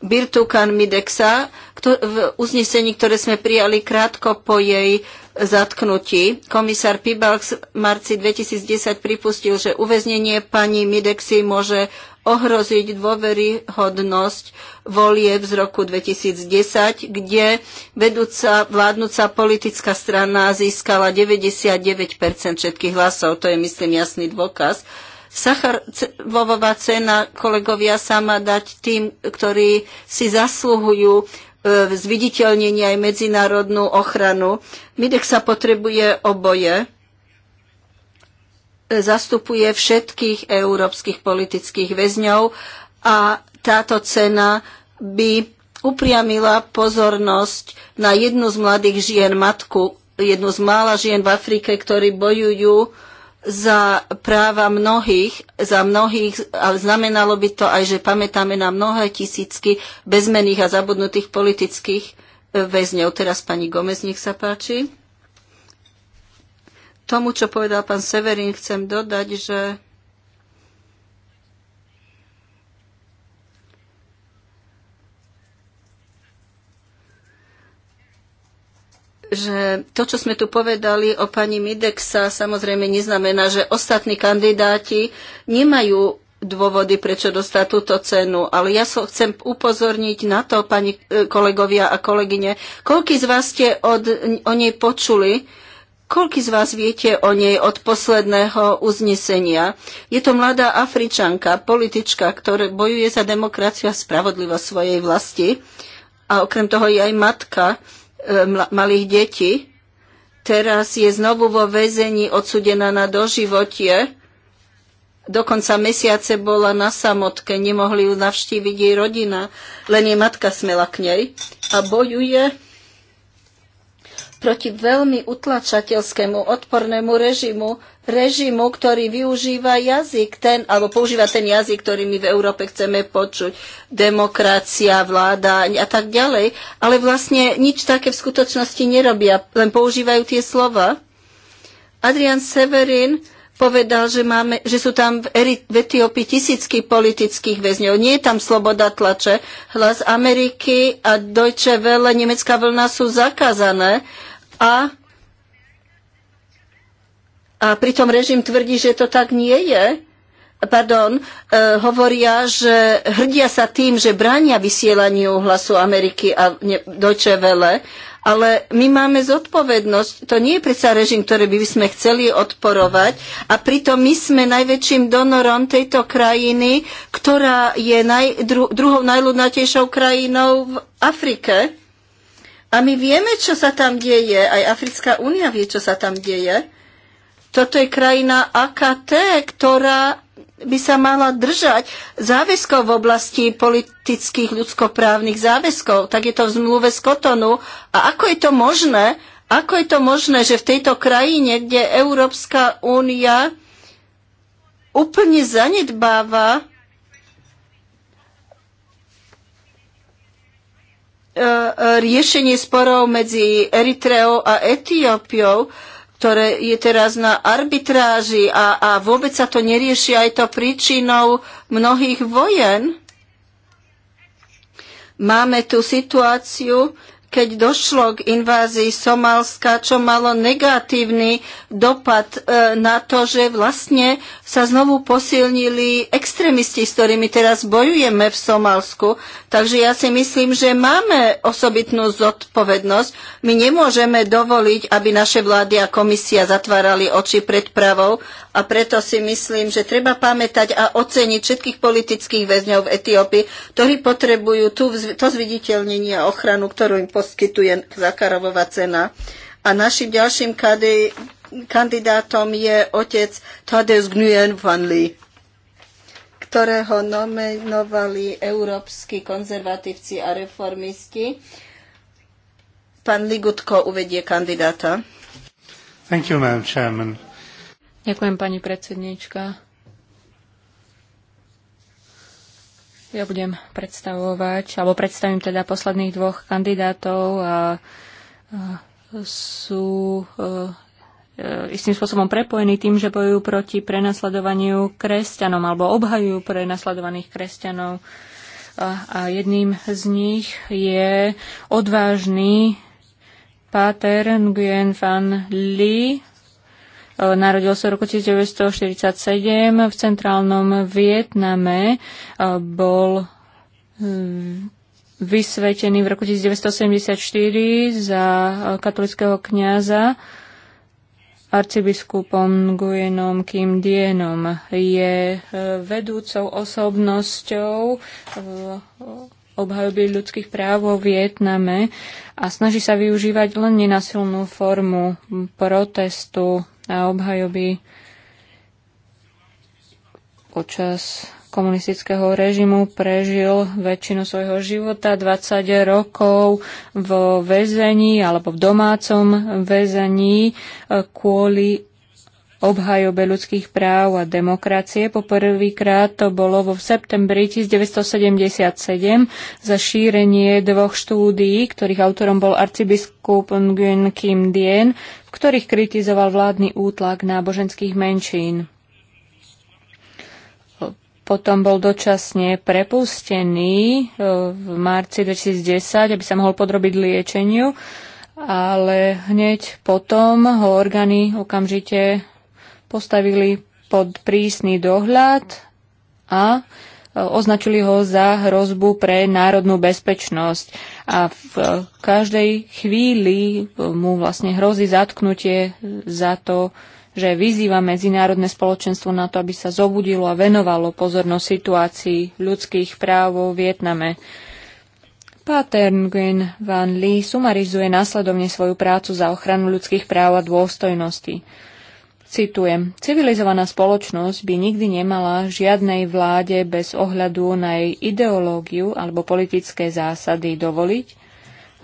Birtukan Midexa v uznesení, ktoré sme prijali krátko po jej zatknutí. Komisár Pibalx v marci 2010 pripustil, že uväznenie pani Midexi môže ohroziť dôveryhodnosť volie z roku 2010, kde vedúca vládnúca politická strana získala 99% všetkých hlasov. To je, myslím, jasný dôkaz. Sacharovová cena, kolegovia, sa má dať tým, ktorí si zasluhujú e, zviditeľnenie aj medzinárodnú ochranu. Midek sa potrebuje oboje zastupuje všetkých európskych politických väzňov a táto cena by upriamila pozornosť na jednu z mladých žien, matku, jednu z mála žien v Afrike, ktorí bojujú za práva mnohých, za mnohých, ale znamenalo by to aj, že pamätáme na mnohé tisícky bezmených a zabudnutých politických väzňov. Teraz pani Gomez, nech sa páči tomu, čo povedal pán Severin, chcem dodať, že že to, čo sme tu povedali o pani Midexa, samozrejme neznamená, že ostatní kandidáti nemajú dôvody, prečo dostať túto cenu. Ale ja so chcem upozorniť na to, pani e, kolegovia a kolegyne, koľký z vás ste od, o nej počuli, Koľko z vás viete o nej od posledného uznesenia? Je to mladá Afričanka, politička, ktorá bojuje za demokraciu a spravodlivosť svojej vlasti. A okrem toho je aj matka e, malých detí. Teraz je znovu vo väzení odsudená na doživotie. Dokonca mesiace bola na samotke, nemohli ju navštíviť jej rodina, len jej matka smela k nej. A bojuje proti veľmi utlačateľskému, odpornému režimu, režimu, ktorý využíva jazyk, ten, alebo používa ten jazyk, ktorý my v Európe chceme počuť, demokracia, vláda a tak ďalej, ale vlastne nič také v skutočnosti nerobia, len používajú tie slova. Adrian Severin povedal, že, máme, že sú tam v, Eri- v Etiópii tisícky politických väzňov. Nie je tam sloboda tlače. Hlas Ameriky a Deutsche Welle, nemecká vlna sú zakázané a, a pritom režim tvrdí, že to tak nie je. Pardon, e, hovoria, že hrdia sa tým, že bránia vysielaniu hlasu Ameriky a ne, Deutsche Welle, ale my máme zodpovednosť. To nie je predsa režim, ktorý by sme chceli odporovať a pritom my sme najväčším donorom tejto krajiny, ktorá je naj, dru, druhou najľudnatejšou krajinou v Afrike. A my vieme, čo sa tam deje. Aj Africká únia vie, čo sa tam deje. Toto je krajina AKT, ktorá by sa mala držať záväzkov v oblasti politických ľudskoprávnych záväzkov. Tak je to v zmluve z Kotonu. A ako je to možné, ako je to možné, že v tejto krajine, kde Európska únia úplne zanedbáva E, e, riešenie sporov medzi Eritreou a Etiópiou, ktoré je teraz na arbitráži a, a vôbec sa to nerieši aj to príčinou mnohých vojen. Máme tu situáciu, keď došlo k invázii Somálska, čo malo negatívny dopad e, na to, že vlastne sa znovu posilnili extrémisti, s ktorými teraz bojujeme v Somálsku. Takže ja si myslím, že máme osobitnú zodpovednosť. My nemôžeme dovoliť, aby naše vlády a komisia zatvárali oči pred pravou a preto si myslím, že treba pamätať a oceniť všetkých politických väzňov v Etiópii, ktorí potrebujú tú, to zviditeľnenie a ochranu, ktorú im poskytujú poskytuje Zakarovová cena. A našim ďalším kandidátom je otec Tadeusz Gnuen van Lee, ktorého nominovali európsky konzervatívci a reformisti. Pán Ligutko uvedie kandidáta. Thank you, Madam Chairman. Ďakujem, pani predsedníčka. Ja budem predstavovať, alebo predstavím teda posledných dvoch kandidátov a, sú e, e, istým spôsobom prepojení tým, že bojujú proti prenasledovaniu kresťanom alebo obhajujú prenasledovaných kresťanov. A, a jedným z nich je odvážny Páter Nguyen van Lee, E, narodil sa v roku 1947 v centrálnom Vietname. E, bol e, vysvetený v roku 1974 za katolického kniaza arcibiskupom Nguyenom Kim Dienom. Je vedúcou osobnosťou obhajoby ľudských práv vo Vietname a snaží sa využívať len nenasilnú formu protestu a obhajoby počas komunistického režimu prežil väčšinu svojho života, 20 rokov v väzení alebo v domácom väzení eh, kvôli obhajobe ľudských práv a demokracie. Poprvýkrát to bolo vo septembri 1977 za šírenie dvoch štúdií, ktorých autorom bol arcibiskup Nguyen Kim Dien, v ktorých kritizoval vládny útlak náboženských menšín. Potom bol dočasne prepustený e, v marci 2010, aby sa mohol podrobiť liečeniu, ale hneď potom ho orgány okamžite postavili pod prísny dohľad a e, označili ho za hrozbu pre národnú bezpečnosť. A v e, každej chvíli e, mu vlastne hrozí zatknutie za to, že vyzýva medzinárodné spoločenstvo na to, aby sa zobudilo a venovalo pozornosť situácii ľudských práv vo Vietname. Pater Nguyen Van Lee sumarizuje následovne svoju prácu za ochranu ľudských práv a dôstojnosti. Citujem, civilizovaná spoločnosť by nikdy nemala žiadnej vláde bez ohľadu na jej ideológiu alebo politické zásady dovoliť,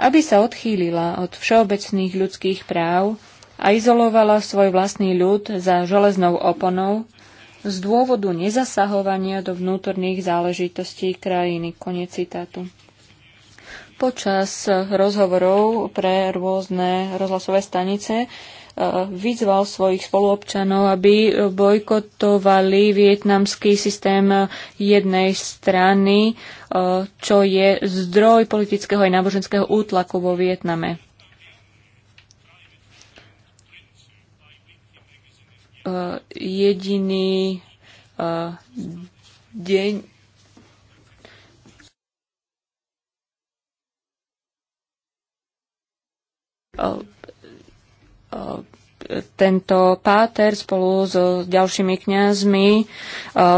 aby sa odchýlila od všeobecných ľudských práv a izolovala svoj vlastný ľud za železnou oponou z dôvodu nezasahovania do vnútorných záležitostí krajiny. Konec citátu. Počas rozhovorov pre rôzne rozhlasové stanice vyzval svojich spoluobčanov, aby bojkotovali vietnamský systém jednej strany, e, čo je zdroj politického aj náboženského útlaku vo Vietname. E, jediný e, deň Oh tento páter spolu s so ďalšími kňazmi e,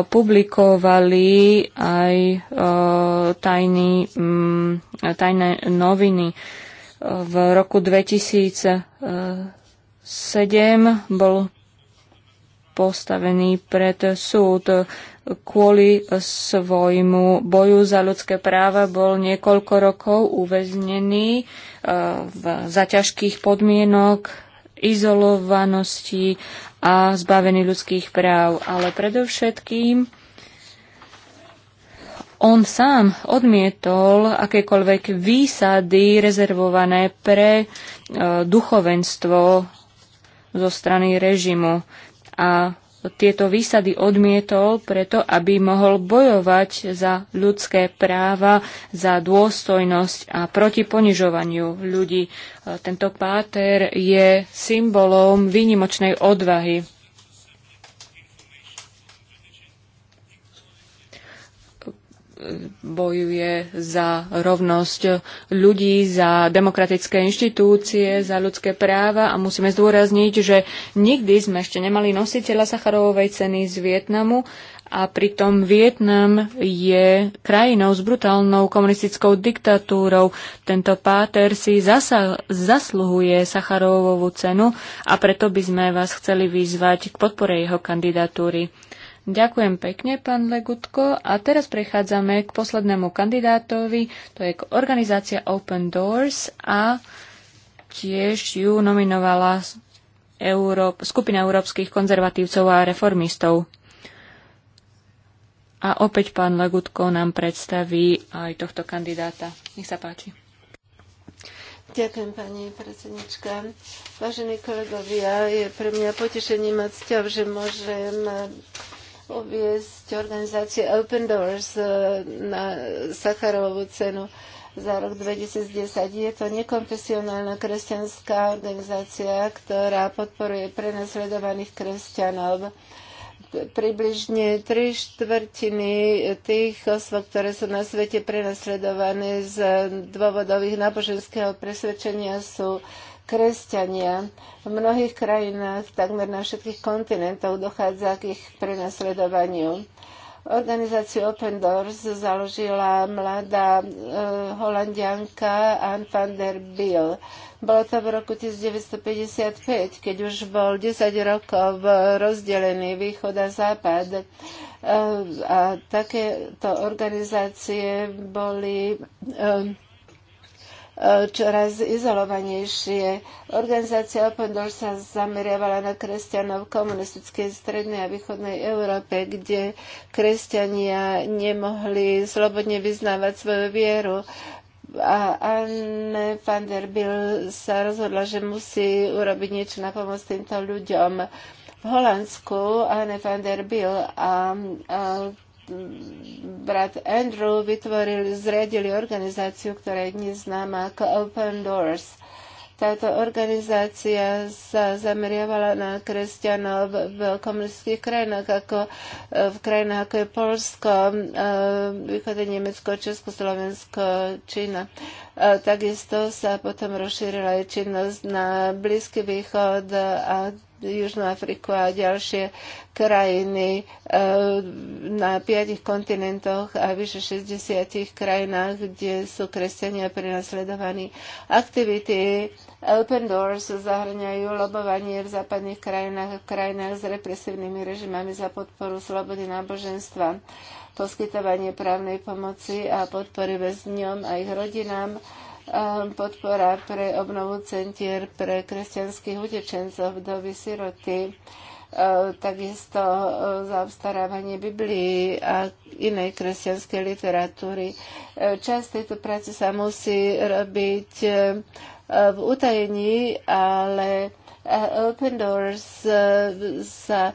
publikovali aj e, tajný, mm, tajné noviny. V roku 2007 bol postavený pred súd. Kvôli svojmu boju za ľudské práva bol niekoľko rokov uväznený e, v zaťažkých podmienok izolovanosti a zbavení ľudských práv, ale predovšetkým on sám odmietol akékoľvek výsady rezervované pre e, duchovenstvo zo strany režimu. A tieto výsady odmietol preto, aby mohol bojovať za ľudské práva, za dôstojnosť a proti ponižovaniu ľudí. E, tento páter je symbolom výnimočnej odvahy bojuje za rovnosť ľudí, za demokratické inštitúcie, za ľudské práva a musíme zdôrazniť, že nikdy sme ešte nemali nositeľa Sacharovej ceny z Vietnamu a pritom Vietnam je krajinou s brutálnou komunistickou diktatúrou. Tento páter si zasa, zasluhuje Sacharovovú cenu a preto by sme vás chceli vyzvať k podpore jeho kandidatúry. Ďakujem pekne, pán Legutko. A teraz prechádzame k poslednému kandidátovi, to je organizácia Open Doors a tiež ju nominovala Európ- skupina európskych konzervatívcov a reformistov. A opäť pán Legutko nám predstaví aj tohto kandidáta. Nech sa páči. Ďakujem, pani predsednička. Vážení kolegovia, je pre mňa potešením a cťou, že môžem uviezť organizácie Open Doors eh, na Sacharovú cenu za rok 2010. Je to nekonfesionálna kresťanská organizácia, ktorá podporuje prenasledovaných kresťanov približne tri štvrtiny tých osôb, ktoré sú na svete prenasledované z dôvodových náboženského presvedčenia, sú kresťania. V mnohých krajinách, takmer na všetkých kontinentoch, dochádza k ich prenasledovaniu. Organizáciu Open Doors založila mladá e, holandianka Anne van der Biel. Bolo to v roku 1955, keď už bol 10 rokov rozdelený východ a západ. E, a takéto organizácie boli e, čoraz izolovanejšie. Organizácia Open Doors sa zameriavala na kresťanov komunistickej strednej a východnej Európe, kde kresťania nemohli slobodne vyznávať svoju vieru a Anne van der Bill sa rozhodla, že musí urobiť niečo na pomoc týmto ľuďom. V Holandsku Anne van der Bill a, a brat Andrew vytvoril zriadili organizáciu, ktorá je dnes známa ako Open Doors. Táto organizácia sa zameriavala na kresťanov v komunistických krajinách, ako e, v krajinách ako je Polsko, e, Východné Nemecko, Československo, Čína. Takisto sa potom rozšírila aj činnosť na Blízky východ a Južnú Afriku a ďalšie krajiny e, na piatich kontinentoch a vyše 60 krajinách, kde sú kresťania prenasledovaní. Aktivity Open Doors zahrňajú lobovanie v západných krajinách a krajinách s represívnymi režimami za podporu slobody náboženstva poskytovanie právnej pomoci a podpory väzňom a ich rodinám, ehm, podpora pre obnovu centier pre kresťanských utečencov vdovy siroty, ehm, takisto ehm, za obstarávanie Biblii a inej kresťanskej literatúry. Časť tejto práce sa musí robiť v utajení, ale Open Doors e, sa e,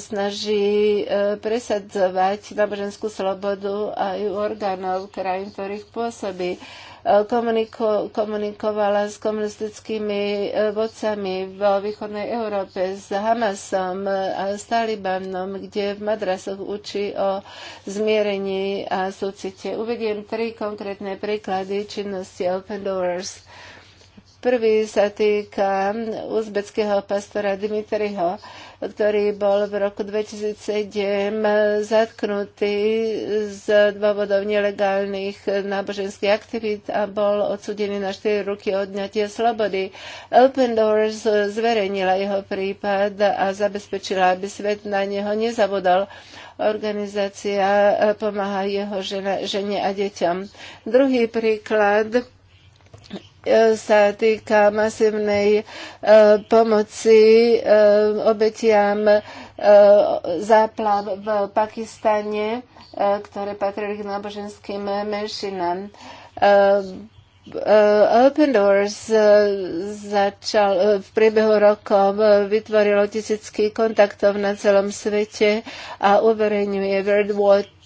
snaží e, presadzovať náboženskú slobodu aj orgánov krajín, ktorých pôsobí. Komuniko, komunikovala s komunistickými vodcami vo východnej Európe, s Hamasom a s Talibanom, kde v madrasoch učí o zmierení a súcite. Uvediem tri konkrétne príklady činnosti Open Doors. Prvý sa týka uzbeckého pastora Dimitriho, ktorý bol v roku 2007 zatknutý z dôvodov nelegálnych náboženských aktivít a bol odsudený na 4 roky odňatie slobody. Open Doors zverejnila jeho prípad a zabezpečila, aby svet na neho nezabudol organizácia pomáha jeho žene a deťom. Druhý príklad E, sa týka masívnej e, pomoci e, obetiam záplav v Pakistane, ktoré patrili k náboženským menšinám. Open Doors začal v priebehu rokov vytvorilo tisícky kontaktov na celom svete a uverejňuje World Watch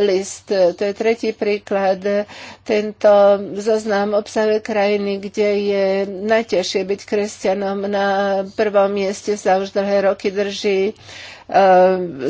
list. To je tretí príklad. Tento zoznam obsahuje krajiny, kde je najťažšie byť kresťanom. Na prvom mieste sa už dlhé roky drží eh,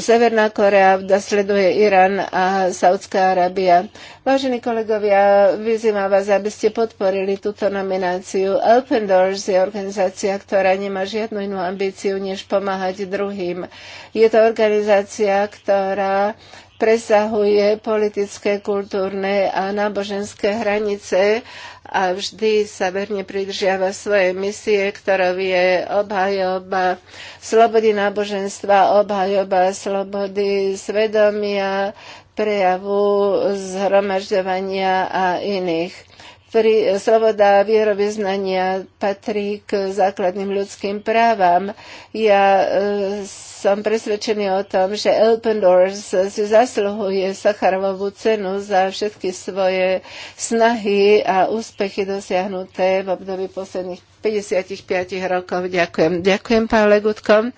Severná Korea, sleduje Irán a Saudská Arábia. Vážení kolegovia, vyzývam vás, aby ste podporili túto nomináciu. Open Doors je organizácia, ktorá nemá žiadnu inú ambíciu, než pomáhať druhým. Je to organizácia, ktorá presahuje politické, kultúrne a náboženské hranice a vždy sa verne pridržiava svoje misie, ktorou je obhajoba slobody náboženstva, obhajoba slobody svedomia, prejavu zhromažďovania a iných pri, sloboda vierovýznania patrí k základným ľudským právam. Ja e, som presvedčený o tom, že Open Doors si zasluhuje Sacharovú cenu za všetky svoje snahy a úspechy dosiahnuté v období posledných 55 rokov. Ďakujem. Ďakujem, pán Legutko.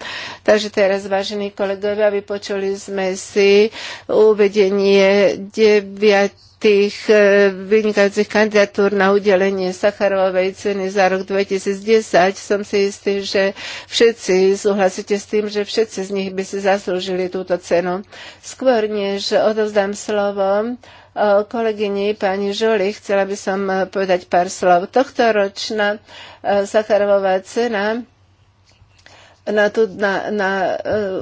Takže teraz, vážení kolegovia, vypočuli sme si uvedenie 9 tých e, vynikajúcich kandidatúr na udelenie Sacharovej ceny za rok 2010. Som si istý, že všetci súhlasíte s tým, že všetci z nich by si zaslúžili túto cenu. Skôr než odovzdám slovo e, kolegyni pani Žoli, chcela by som e, povedať pár slov. Tohto ročná Sacharová cena na, tú, na, na, eh,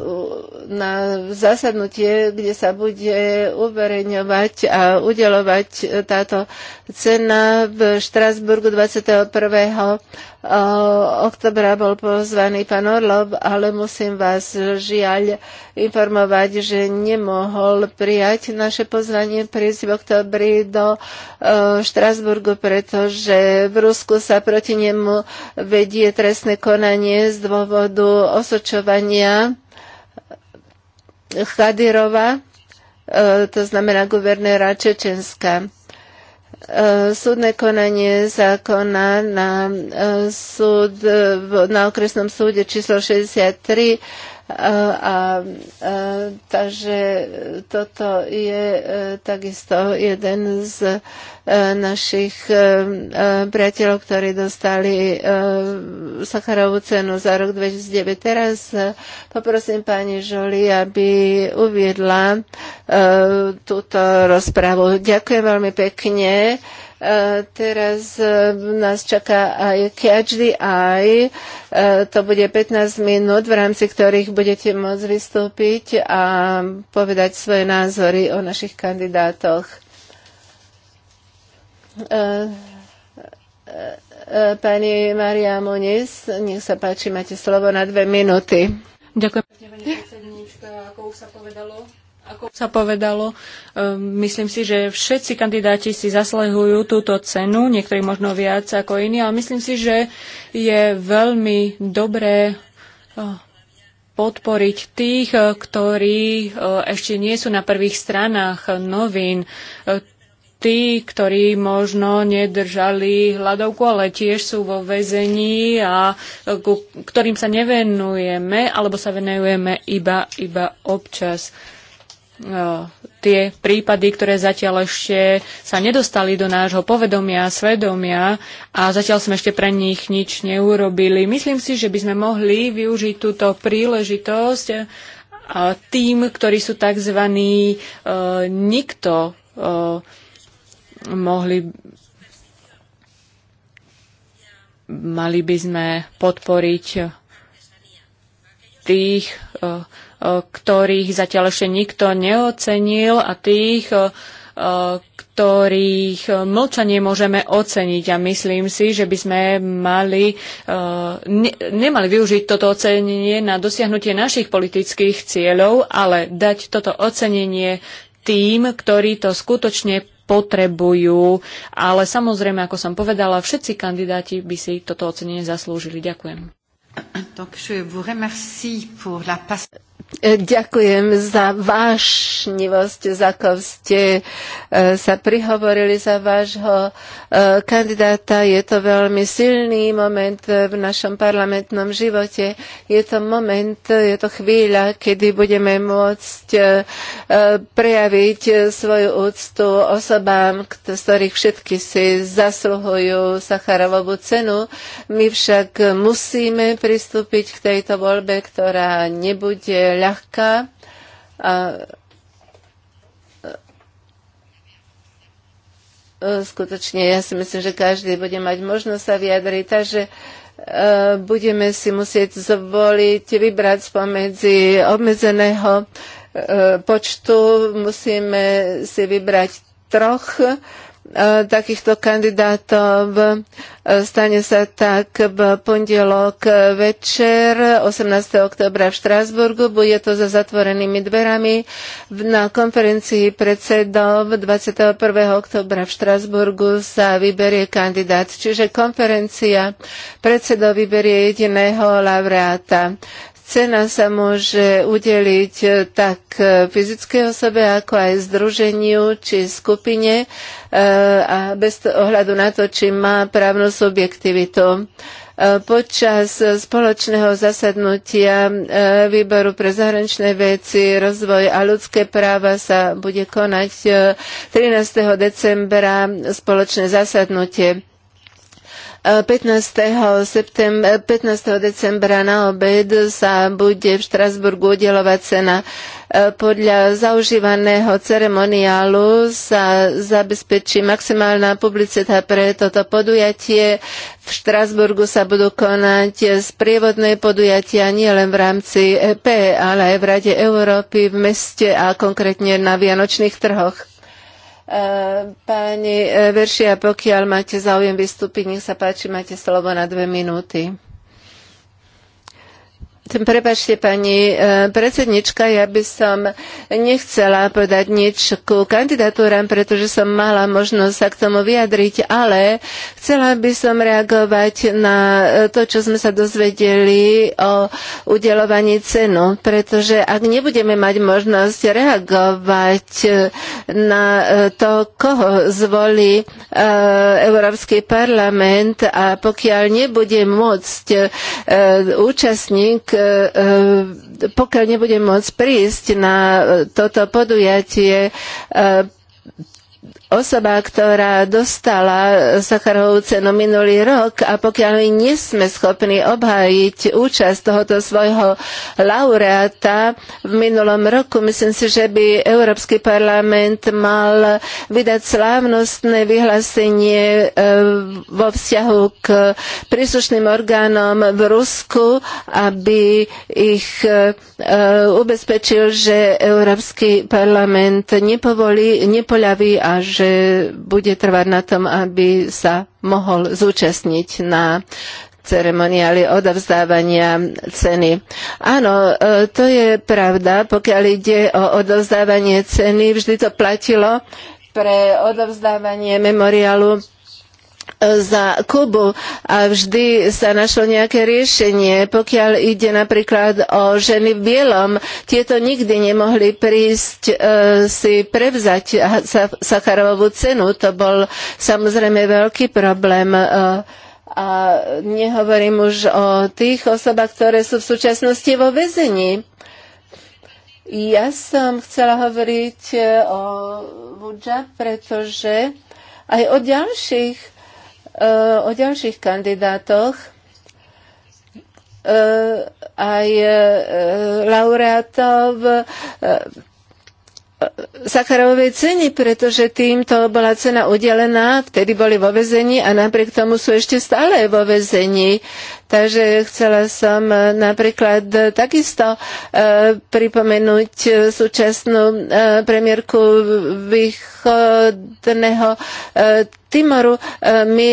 na zasadnutie, kde sa bude uverejňovať a udelovať táto cena v Štrasburgu 21. Eh, oktobra bol pozvaný pán Orlov, ale musím vás žiaľ informovať, že nemohol prijať naše pozvanie prísť v oktobri do eh, Štrasburgu, pretože v Rusku sa proti nemu vedie trestné konanie z dôvodu osočovania Chadirova, eh, to znamená guvernéra Čečenska. E, súdne konanie zákona na, e, súd, na okresnom súde číslo 63 a, a, takže toto je e, takisto jeden z e, našich e, priateľov, ktorí dostali Sacharovú cenu za rok 2009. Teraz poprosím pani Žoli, aby uviedla túto rozpravu. Ďakujem veľmi pekne. E, teraz e, nás čaká aj Catch the Eye. E, to bude 15 minút, v rámci ktorých budete môcť vystúpiť a povedať svoje názory o našich kandidátoch. Pani Maria Muniz, nech sa páči, máte slovo na dve minúty. Ďakujem. Pani ako už sa povedalo, ako sa povedalo, um, myslím si, že všetci kandidáti si zaslehujú túto cenu, niektorí možno viac ako iní, ale myslím si, že je veľmi dobré uh, podporiť tých, uh, ktorí uh, ešte nie sú na prvých stranách novín tí, ktorí možno nedržali hľadovku, ale tiež sú vo väzení a ku, ktorým sa nevenujeme, alebo sa venujeme iba, iba občas. Eh, tie prípady, ktoré zatiaľ ešte sa nedostali do nášho povedomia, svedomia a zatiaľ sme ešte pre nich nič neurobili. Myslím si, že by sme mohli využiť túto príležitosť eh, tým, ktorí sú tzv. Eh, nikto mohli mali by sme podporiť tých, ktorých zatiaľ ešte nikto neocenil a tých, e, ktorých mlčanie môžeme oceniť. A myslím si, že by sme mali, e, ne, nemali využiť toto ocenenie na dosiahnutie našich politických cieľov, ale dať toto ocenenie tým, ktorí to skutočne potrebujú. Ale samozrejme, ako som povedala, všetci kandidáti by si toto ocenenie zaslúžili. Ďakujem. vous remercie pour la E, ďakujem za vášnivosť, za ako ste e, sa prihovorili za vášho e, kandidáta. Je to veľmi silný moment v našom parlamentnom živote. Je to moment, je to chvíľa, kedy budeme môcť prejaviť svoju úctu osobám, z ktorých všetky si zasluhujú Sacharovú cenu. My však musíme pristúpiť k tejto voľbe, ktorá nebude ľahká. A skutočne ja si myslím, že každý bude mať možnosť sa vyjadriť, takže budeme si musieť zvoliť, vybrať spomedzi obmedzeného e, počtu, musíme si vybrať troch E, takýchto kandidátov. E, stane sa tak v pondelok večer 18. oktobra v Štrásburgu. Bude to za zatvorenými dverami na konferencii predsedov 21. oktobra v Štrásburgu sa vyberie kandidát. Čiže konferencia predsedov vyberie jediného laureáta. Cena sa môže udeliť e, tak e, fyzickej osobe, ako aj združeniu či skupine e, a bez ohľadu na to, či má právnu subjektivitu počas spoločného zasadnutia Výboru pre zahraničné veci, rozvoj a ľudské práva sa bude konať 13. decembra spoločné zasadnutie. 15. Septem, 15. decembra na obed sa bude v Štrasburgu udelovať cena. E, podľa zaužívaného ceremoniálu sa zabezpečí maximálna publicita pre toto podujatie. V Štrasburgu sa budú konať sprievodné podujatia nielen v rámci EP, ale aj v Rade Európy, v meste a konkrétne na Vianočných trhoch. E, pani Veršia, pokiaľ máte záujem vystúpiť, nech sa páči, máte slovo na dve minúty. Prepačte, pani e, predsednička, ja by som nechcela podať nič ku kandidatúram, pretože som mala možnosť sa k tomu vyjadriť, ale chcela by som reagovať na e, to, čo sme sa dozvedeli o udelovaní cenu, pretože ak nebudeme mať možnosť reagovať e, na to, koho zvolí Európsky parlament a pokiaľ nebude môcť účastník E, e, pokiaľ nebudem môcť prísť na e, toto podujatie, osoba, ktorá dostala Sacharovú cenu minulý rok a pokiaľ my nesme schopní obhájiť účasť tohoto svojho laureáta v minulom roku, myslím si, že by Európsky parlament mal vydať slávnostné vyhlásenie e, vo vzťahu k príslušným orgánom v Rusku, aby ich e, ubezpečil, že Európsky parlament nepovolí, nepoľaví a že bude trvať na tom, aby sa mohol zúčastniť na ceremoniály odovzdávania ceny. Áno, e, to je pravda, pokiaľ ide o odovzdávanie ceny, vždy to platilo pre odovzdávanie memoriálu za Kubu a vždy sa našlo nejaké riešenie. Pokiaľ ide napríklad o ženy v bielom, tieto nikdy nemohli prísť e, si prevzať Sacharovú cenu. To bol samozrejme veľký problém. E, a nehovorím už o tých osobách, ktoré sú v súčasnosti vo väzení. Ja som chcela hovoriť e, o Vudža, pretože aj o ďalších O ďalších kandidátoch e, aj e, e, laureátov Sacharovej ceny, pretože týmto bola cena udelená, vtedy boli vo vezení a napriek tomu sú ešte stále vo vezení. Takže chcela som napríklad takisto e, pripomenúť súčasnú e, premiérku východného e, Timoru. My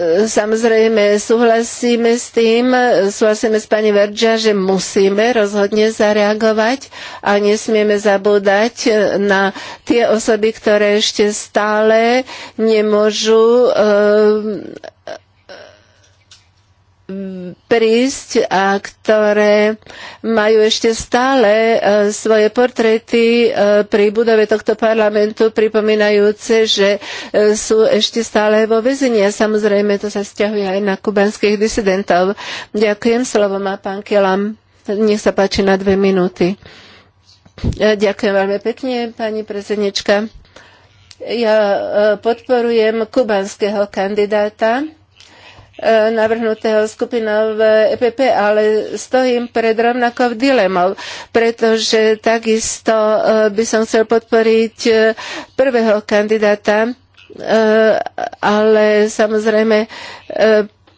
E, samozrejme súhlasíme s tým, e, súhlasíme s pani Verča, že musíme rozhodne zareagovať a nesmieme zabúdať e, na tie osoby, ktoré ešte stále nemôžu e, prísť a ktoré majú ešte stále e, svoje portréty e, pri budove tohto parlamentu, pripomínajúce, že e, sú ešte stále vo väzení. A samozrejme, to sa stiahuje aj na kubanských disidentov. Ďakujem, slovo má pán Kelam. Nech sa páči na dve minúty. Ďakujem veľmi pekne, pani predsednička. Ja podporujem kubanského kandidáta E, navrhnutého skupinou EPP, ale stojím pred rovnakou dilemou, pretože takisto e, by som chcel podporiť e, prvého kandidáta, ale samozrejme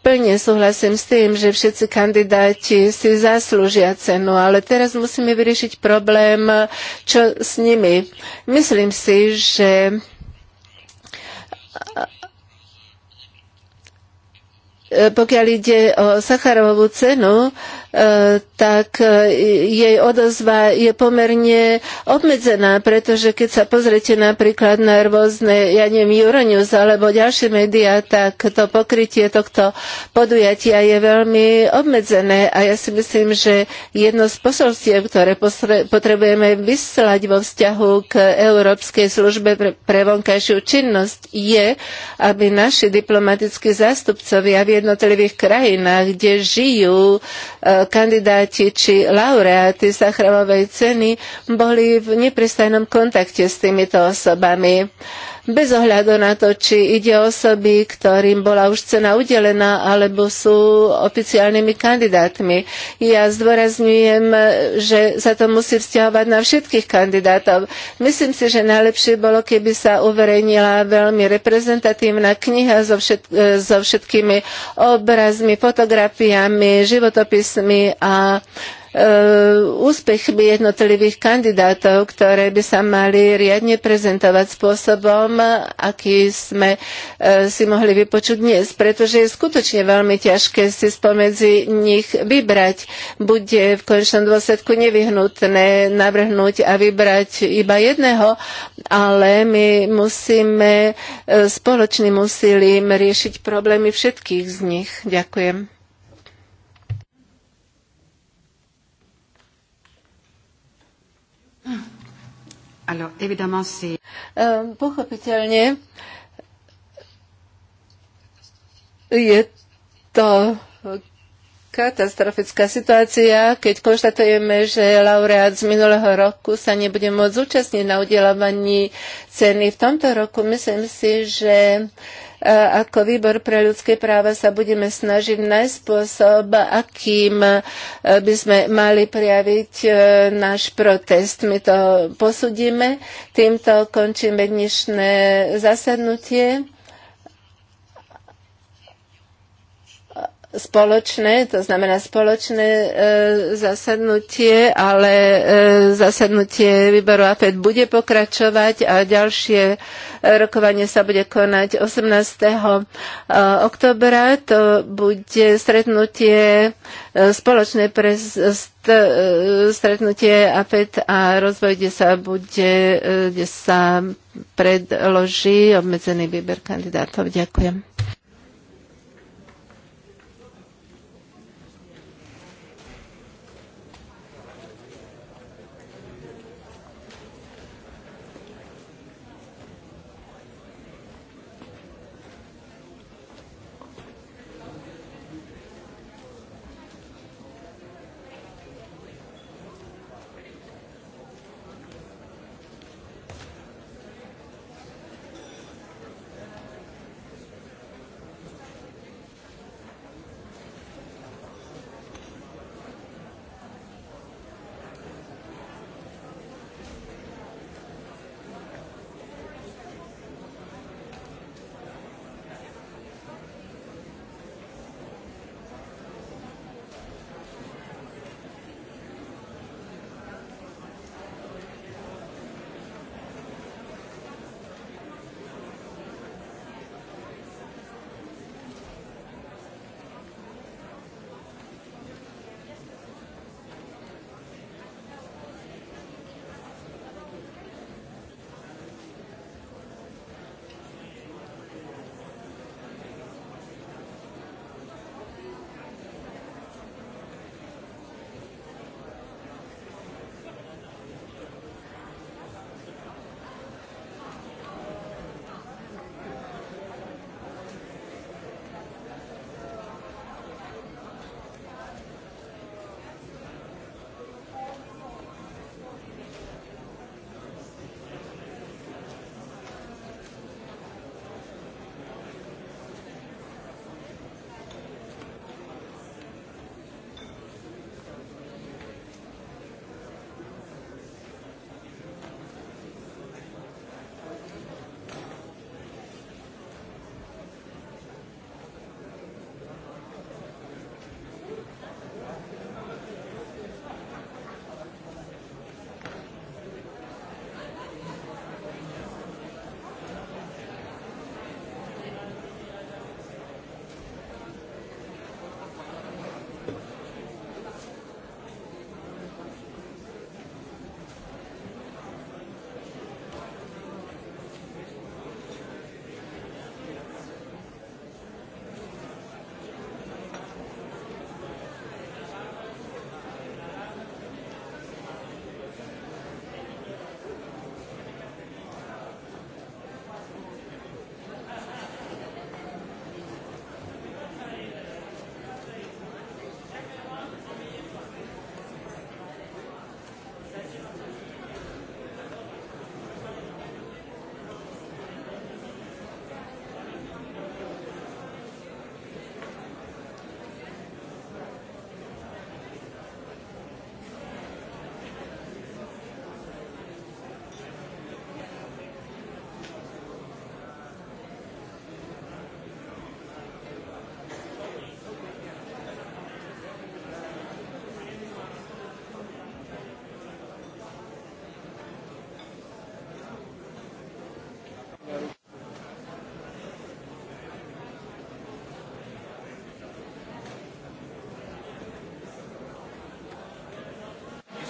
plne súhlasím s tým, že všetci kandidáti si zaslúžia cenu, ale teraz musíme vyriešiť problém, čo s nimi. Myslím si, že E, pokiaľ ide o Sacharovú cenu, e, tak e, jej odozva je pomerne obmedzená, pretože keď sa pozrete napríklad na rôzne, ja neviem, Euronews alebo ďalšie médiá, tak to pokrytie tohto podujatia je veľmi obmedzené a ja si myslím, že jedno z posolstiev, ktoré potrebujeme vyslať vo vzťahu k Európskej službe pre vonkajšiu činnosť, je, aby naši diplomatickí zástupcovia v jednotlivých krajinách, kde žijú e, kandidáti či laureáti Sacharovej ceny, boli v neprestajnom kontakte s týmito osobami bez ohľadu na to, či ide osoby, ktorým bola už cena udelená, alebo sú oficiálnymi kandidátmi. Ja zdôrazňujem, že sa to musí vzťahovať na všetkých kandidátov. Myslím si, že najlepšie bolo, keby sa uverejnila veľmi reprezentatívna kniha so, všet, so všetkými obrazmi, fotografiami, životopismi a Eh, úspechmi jednotlivých kandidátov, ktoré by sa mali riadne prezentovať spôsobom, aký sme eh, si mohli vypočuť dnes, pretože je skutočne veľmi ťažké si spomedzi nich vybrať. Bude v konečnom dôsledku nevyhnutné navrhnúť a vybrať iba jedného, ale my musíme eh, spoločným úsilím riešiť problémy všetkých z nich. Ďakujem. Alors, évidemment, c'est... Ehm, pochopiteľne je to katastrofická situácia, keď konštatujeme, že laureát z minulého roku sa nebude môcť zúčastniť na udelovaní ceny. V tomto roku myslím si, že uh, E, ako výbor pre ľudské práva sa budeme snažiť nájsť spôsob, akým e, by sme mali prijaviť e, náš protest. My to posudíme. Týmto končíme dnešné zasadnutie. spoločné, to znamená spoločné e, zasadnutie, ale e, zasadnutie výboru AFED bude pokračovať a ďalšie e, rokovanie sa bude konať 18. E, oktobra. To bude stretnutie e, spoločné pre st, stretnutie AFED a rozvoj, kde sa, bude, kde sa predloží obmedzený výber kandidátov. Ďakujem.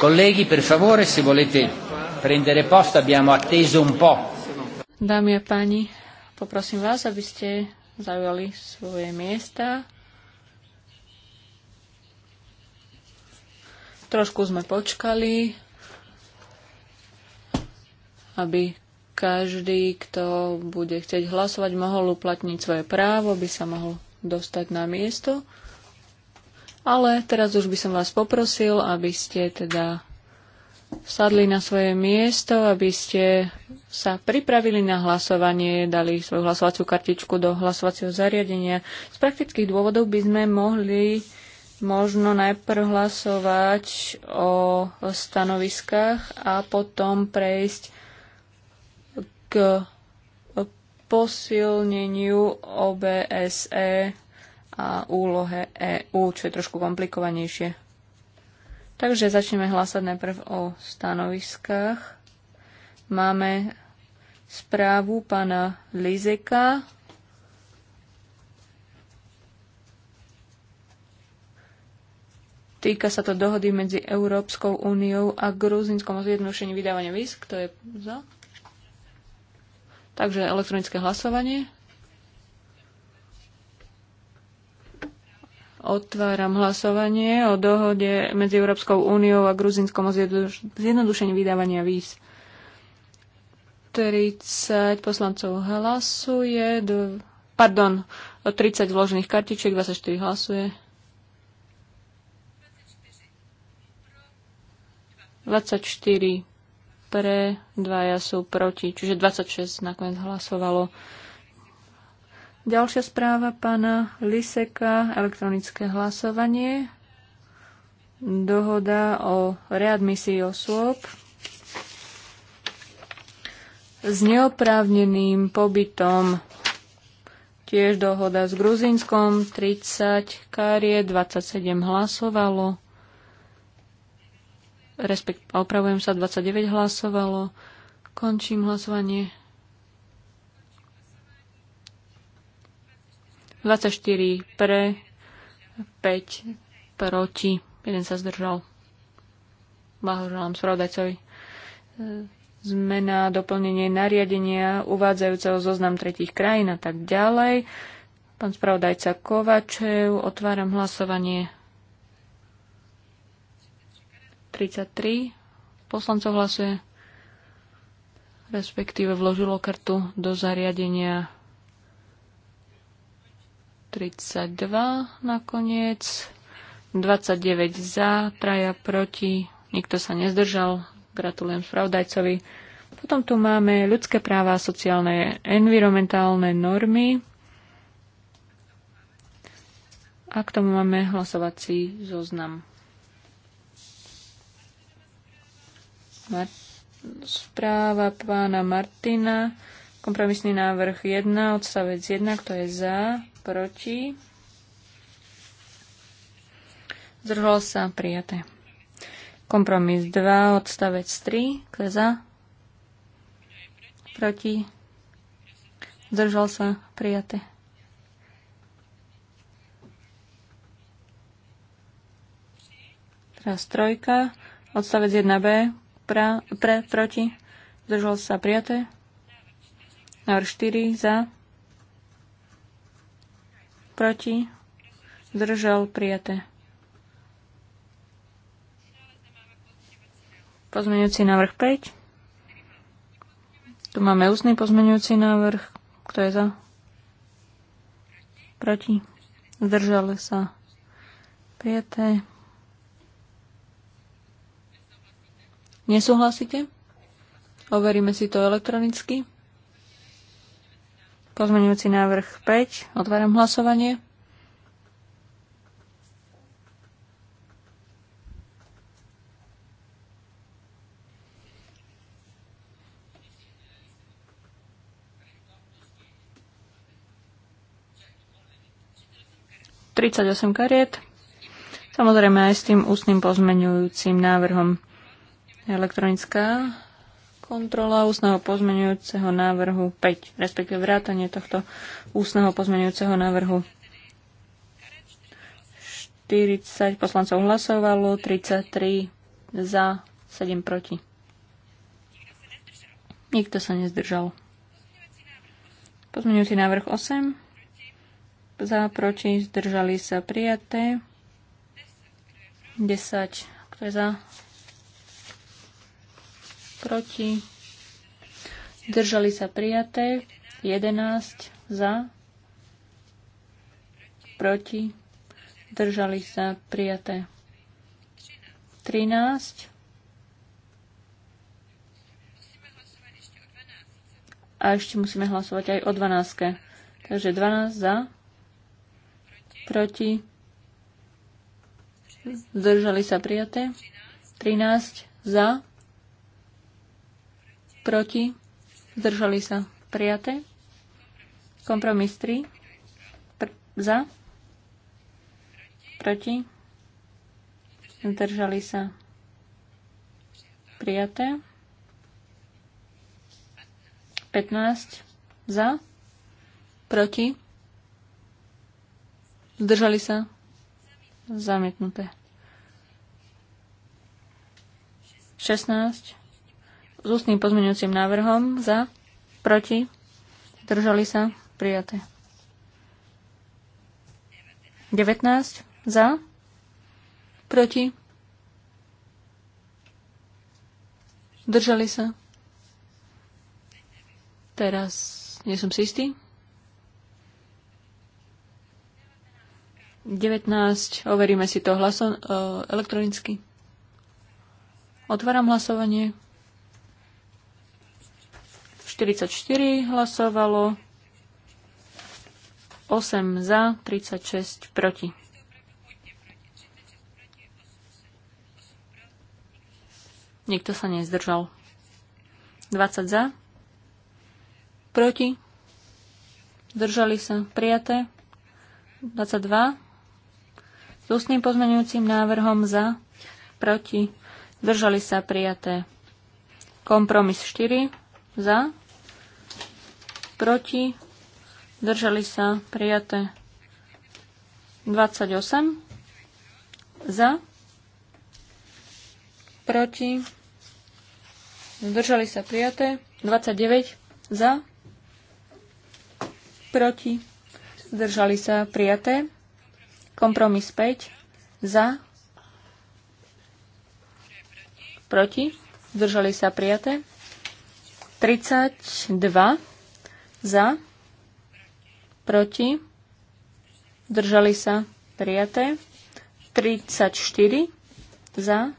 Colleghi, per favore, se volete prendere posto, abbiamo atteso un po'. Dámy a páni, poprosím vás, aby ste zaujali svoje miesta. Trošku sme počkali, aby každý, kto bude chcieť hlasovať, mohol uplatniť svoje právo, by sa mohol dostať na miesto. Ale teraz už by som vás poprosil, aby ste teda sadli na svoje miesto, aby ste sa pripravili na hlasovanie, dali svoju hlasovaciu kartičku do hlasovacieho zariadenia. Z praktických dôvodov by sme mohli možno najprv hlasovať o stanoviskách a potom prejsť k posilneniu OBSE a úlohe EU, čo je trošku komplikovanejšie. Takže začneme hlasať najprv o stanoviskách. Máme správu pána Lizeka. Týka sa to dohody medzi Európskou úniou a Gruzinskom o zjednodušení vydávania víz. Kto je za? Takže elektronické hlasovanie. Otváram hlasovanie o dohode medzi Európskou úniou a Gruzinskom o zjednodušení vydávania víz. 30 poslancov hlasuje, do, pardon, 30 vložených kartičiek, 24 hlasuje. 24 pre, dvaja sú proti, čiže 26 nakoniec hlasovalo. Ďalšia správa pána Liseka, elektronické hlasovanie, dohoda o readmisii osôb s neoprávneným pobytom, tiež dohoda s Gruzínskom, 30 karie, 27 hlasovalo, respekt, opravujem sa, 29 hlasovalo, končím hlasovanie. 24 pre, 5 proti, jeden sa zdržal. Blahoželám spravodajcovi. Zmena, doplnenie nariadenia, uvádzajúceho zoznam tretich krajín a tak ďalej. Pán spravodajca Kovačev, otváram hlasovanie 33 poslancov hlasuje, respektíve vložilo kartu do zariadenia 32 nakoniec. 29 za, traja proti, nikto sa nezdržal. Gratulujem spravodajcovi. Potom tu máme ľudské práva, sociálne, environmentálne normy. A k tomu máme hlasovací zoznam. Správa pána Martina. Kompromisný návrh 1, odstavec 1, kto je za, proti, zdržal sa, prijaté. Kompromis 2, odstavec 3, kto je za, proti, zdržal sa, prijaté. Teraz trojka, odstavec 1b, pra, pre, proti, zdržal sa, prijaté. Návrh 4, za, proti, držal prijaté. Pozmeňujúci návrh 5. Tu máme ústny pozmeňujúci návrh. Kto je za? Proti? Zdržali sa. Prijaté. Nesúhlasíte? Overíme si to elektronicky. Pozmeňujúci návrh 5. Otváram hlasovanie. Tridsaťosem kariet. Samozrejme aj s tým ústnym pozmeňujúcim návrhom elektronická kontrola ústneho pozmenujúceho návrhu 5, respektíve vrátanie tohto ústneho pozmenujúceho návrhu 40 poslancov hlasovalo, 33 za, 7 proti. Nikto sa nezdržal. Pozmeňujúci návrh 8. Za, proti, zdržali sa prijaté. 10. Kto je za? proti, zdržali sa prijaté, 11 za, proti, zdržali sa prijaté, 13 a ešte musíme hlasovať aj o 12. Takže 12 za, proti, zdržali sa prijaté, 13 za, proti, zdržali sa prijaté. Kompromis 3, pr- za, proti, zdržali sa prijaté. 15 za, proti, zdržali sa zamietnuté. 16 s ústnym pozmeňujúcim návrhom za, proti, držali sa, prijaté. 19 za, proti, držali sa. Teraz nie som si istý. 19, overíme si to hlaso, e, elektronicky. Otváram hlasovanie. 44 hlasovalo, 8 za, 36 proti. Nikto sa nezdržal. 20 za, proti, Držali sa, prijaté. 22 s ústnym pozmeňujúcim návrhom za, proti, zdržali sa, prijaté. Kompromis 4 za, proti, držali sa prijaté 28 za, proti, zdržali sa prijaté 29 za, proti, zdržali sa prijaté kompromis 5 za, proti, zdržali sa prijaté 32 za. Proti. Držali sa. Prijaté. 34. Za.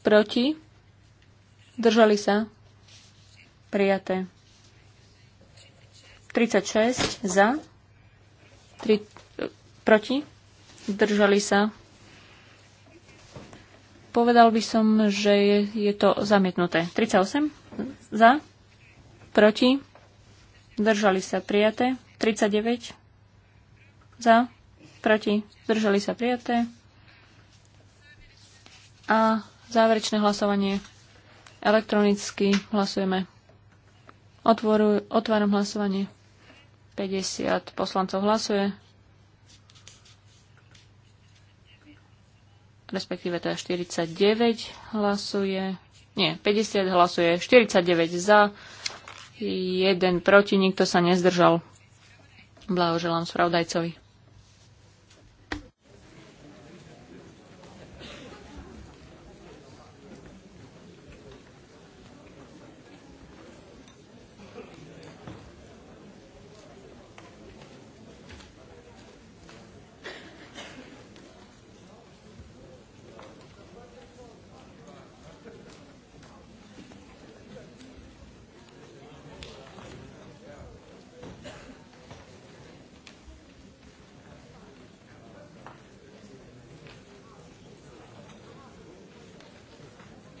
Proti. Držali sa. Prijaté. 36 za. 3, e, proti. Držali sa. Povedal by som, že je, je to zamietnuté. 38 za. Proti? Zdržali sa prijaté. 39. Za? Proti? Zdržali sa prijaté. A záverečné hlasovanie. Elektronicky hlasujeme. Otvoru, otváram hlasovanie. 50 poslancov hlasuje. Respektíve teda 49 hlasuje. Nie, 50 hlasuje, 49 za, Jeden proti, nikto sa nezdržal. Blahoželám spravodajcovi.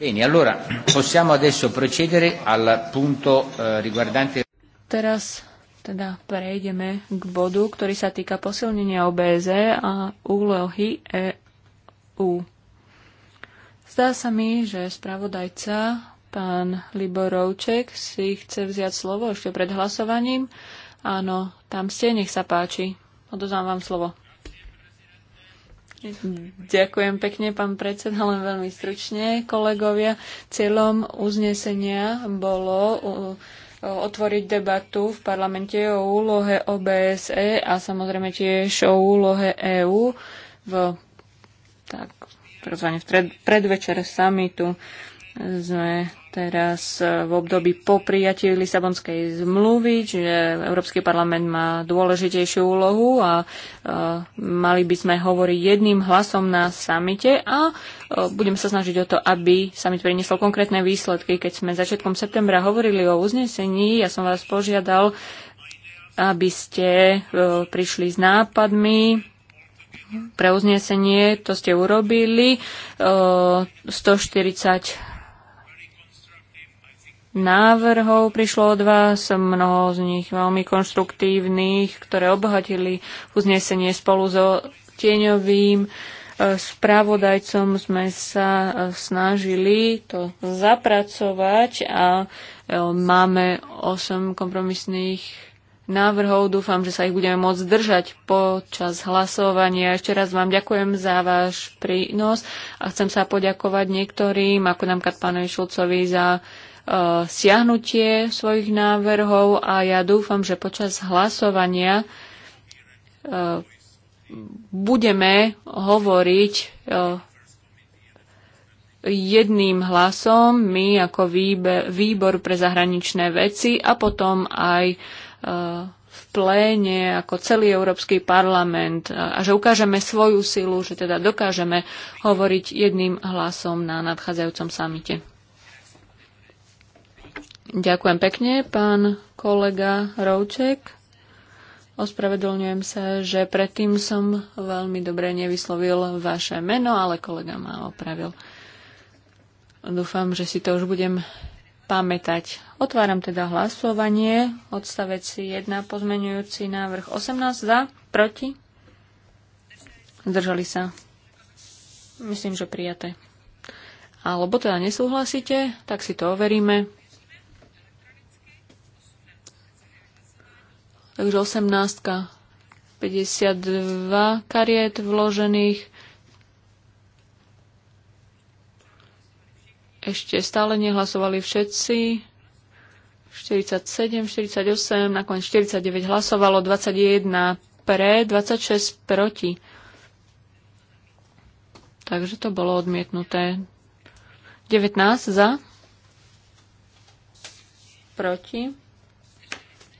Bene, allora possiamo adesso procedere al punto eh, riguardante... Teraz teda prejdeme k bodu, ktorý sa týka posilnenia OBZ a úlohy EU. Zdá sa mi, že spravodajca pán Liborovček si chce vziať slovo ešte pred hlasovaním. Áno, tam ste, nech sa páči. Odozám vám slovo. Ďakujem pekne, pán predseda, len veľmi stručne, kolegovia. Cieľom uznesenia bolo otvoriť debatu v parlamente o úlohe OBSE a samozrejme tiež o úlohe EÚ v, tak, v predvečer samitu sme teraz e, v období po prijatí Lisabonskej zmluvy, čiže Európsky parlament má dôležitejšiu úlohu a e, mali by sme hovoriť jedným hlasom na samite a e, budem sa snažiť o to, aby samit priniesol konkrétne výsledky. Keď sme začiatkom septembra hovorili o uznesení, ja som vás požiadal, aby ste e, prišli s nápadmi, pre uznesenie, to ste urobili. 140 e, návrhov prišlo od vás, mnoho z nich veľmi konštruktívnych, ktoré obohatili uznesenie spolu so tieňovým e, spravodajcom sme sa e, snažili to zapracovať a e, máme 8 kompromisných návrhov. Dúfam, že sa ich budeme môcť držať počas hlasovania. Ešte raz vám ďakujem za váš prínos a chcem sa poďakovať niektorým, ako nám pánovi Šulcovi za E, siahnutie svojich návrhov a ja dúfam, že počas hlasovania e, budeme hovoriť e, jedným hlasom, my ako výbor pre zahraničné veci a potom aj v pléne ako celý Európsky parlament a že ukážeme svoju silu, že teda dokážeme hovoriť jedným hlasom na nadchádzajúcom samite. Ďakujem pekne, pán kolega Rouček. Ospravedlňujem sa, že predtým som veľmi dobre nevyslovil vaše meno, ale kolega ma opravil. Dúfam, že si to už budem pamätať. Otváram teda hlasovanie. Odstavec 1, pozmenujúci návrh 18 za, proti. Zdržali sa. Myslím, že prijaté. Alebo teda nesúhlasíte, tak si to overíme. Takže 18. 52 kariet vložených. Ešte stále nehlasovali všetci. 47, 48, nakoniec 49 hlasovalo, 21 pre, 26 proti. Takže to bolo odmietnuté. 19 za, proti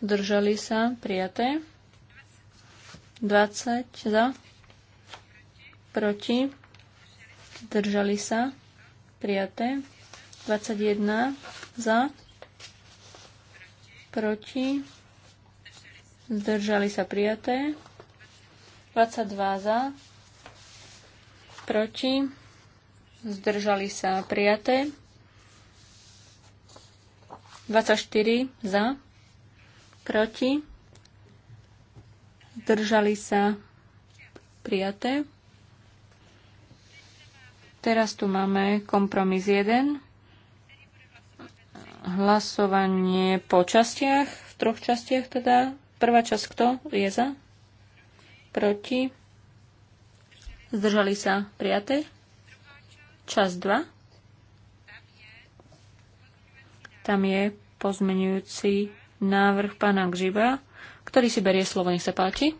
Zdržali sa. Prijaté. 20 za. Proti. Zdržali sa. Prijaté. 21 za. Proti. Zdržali sa. Prijaté. 22 za. Proti. Zdržali sa. Prijaté. 24 za proti, zdržali sa prijaté. Teraz tu máme kompromis 1. Hlasovanie po častiach, v troch častiach teda. Prvá časť kto je za? Proti? Zdržali sa prijaté. Časť 2. Tam je pozmenujúci návrh pána Gžiba, ktorý si berie slovo, nech sa páči.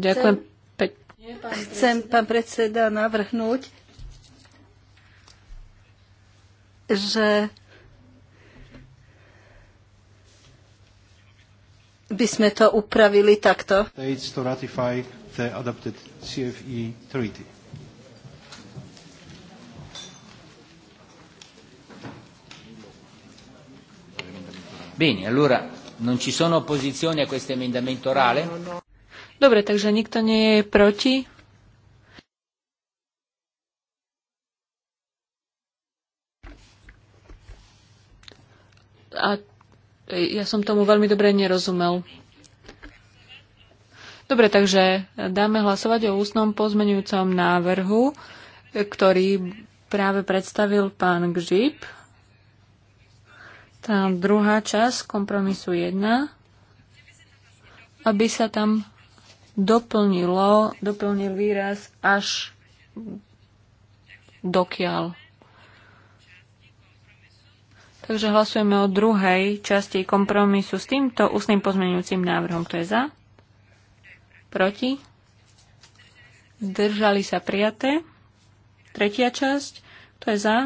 Ďakujem pekne. Chcem, pán predseda, navrhnúť, že by sme to upravili takto. States to ratify the adopted CFE treaty. Bene, allora non ci sono opposizioni a questo emendamento orale? No, no, no. Dobre, takže nikto nie je proti. A e, ja som tomu veľmi dobre nerozumel. Dobre, takže dáme hlasovať o ústnom pozmeňujúcom návrhu, ktorý práve predstavil pán Gžip tá druhá časť kompromisu 1, aby sa tam doplnilo, doplnil výraz až dokiaľ. Takže hlasujeme o druhej časti kompromisu s týmto ústnym pozmeňujúcim návrhom. Kto je za? Proti? Držali sa prijaté. Tretia časť. Kto je za?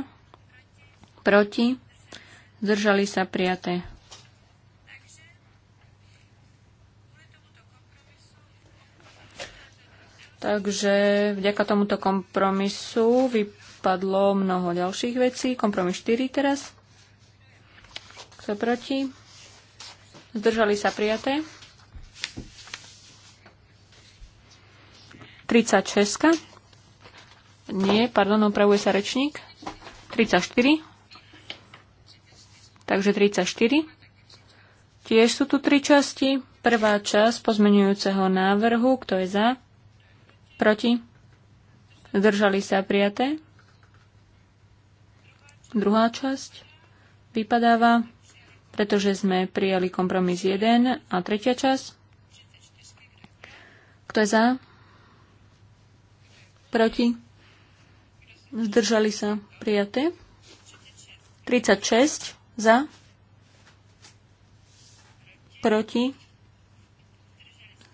Proti? zdržali sa prijaté. Takže vďaka tomuto kompromisu vypadlo mnoho ďalších vecí. Kompromis 4 teraz. Kto proti? Zdržali sa prijaté. 36. Nie, pardon, opravuje sa rečník. 34. Takže 34. Tiež sú tu tri časti. Prvá časť pozmenujúceho návrhu. Kto je za? Proti? Zdržali sa prijaté. Druhá časť vypadáva, pretože sme prijali kompromis 1 a tretia časť. Kto je za? Proti? Zdržali sa prijaté. 36. Za? Proti?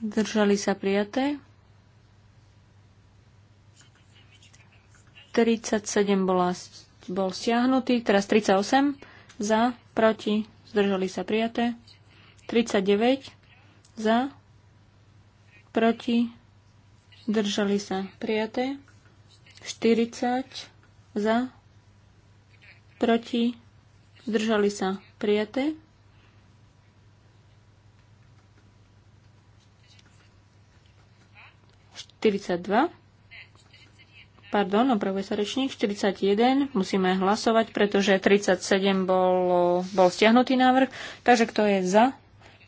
Držali sa prijaté. 37 bola, bol stiahnutý, teraz 38 za, proti, zdržali sa prijaté. 39 za, proti, zdržali sa prijaté. 40 za, proti, zdržali sa prijaté. Pardon, opravuje sa rečník. 41. Musíme hlasovať, pretože 37 bol, bol stiahnutý návrh. Takže kto je za?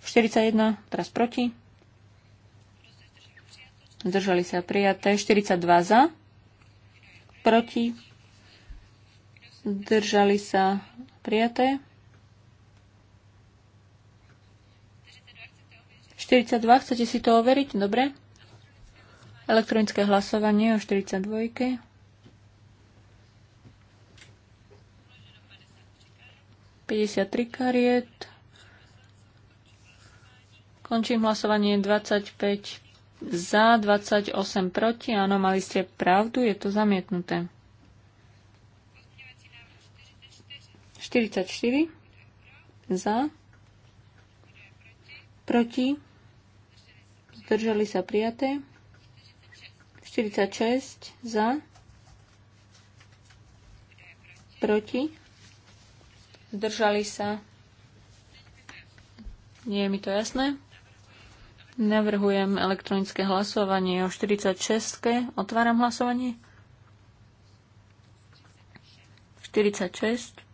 41. Teraz proti. Zdržali sa prijaté. 42 za. Proti Držali sa prijaté. 42, chcete si to overiť? Dobre. Elektronické hlasovanie o 42. -ke. kariet. Končím hlasovanie 25 za, 28 proti. Áno, mali ste pravdu, je to zamietnuté. 44 za, proti, zdržali sa prijaté, 46 za, proti, zdržali sa, nie je mi to jasné, navrhujem elektronické hlasovanie o 46, otváram hlasovanie, 46,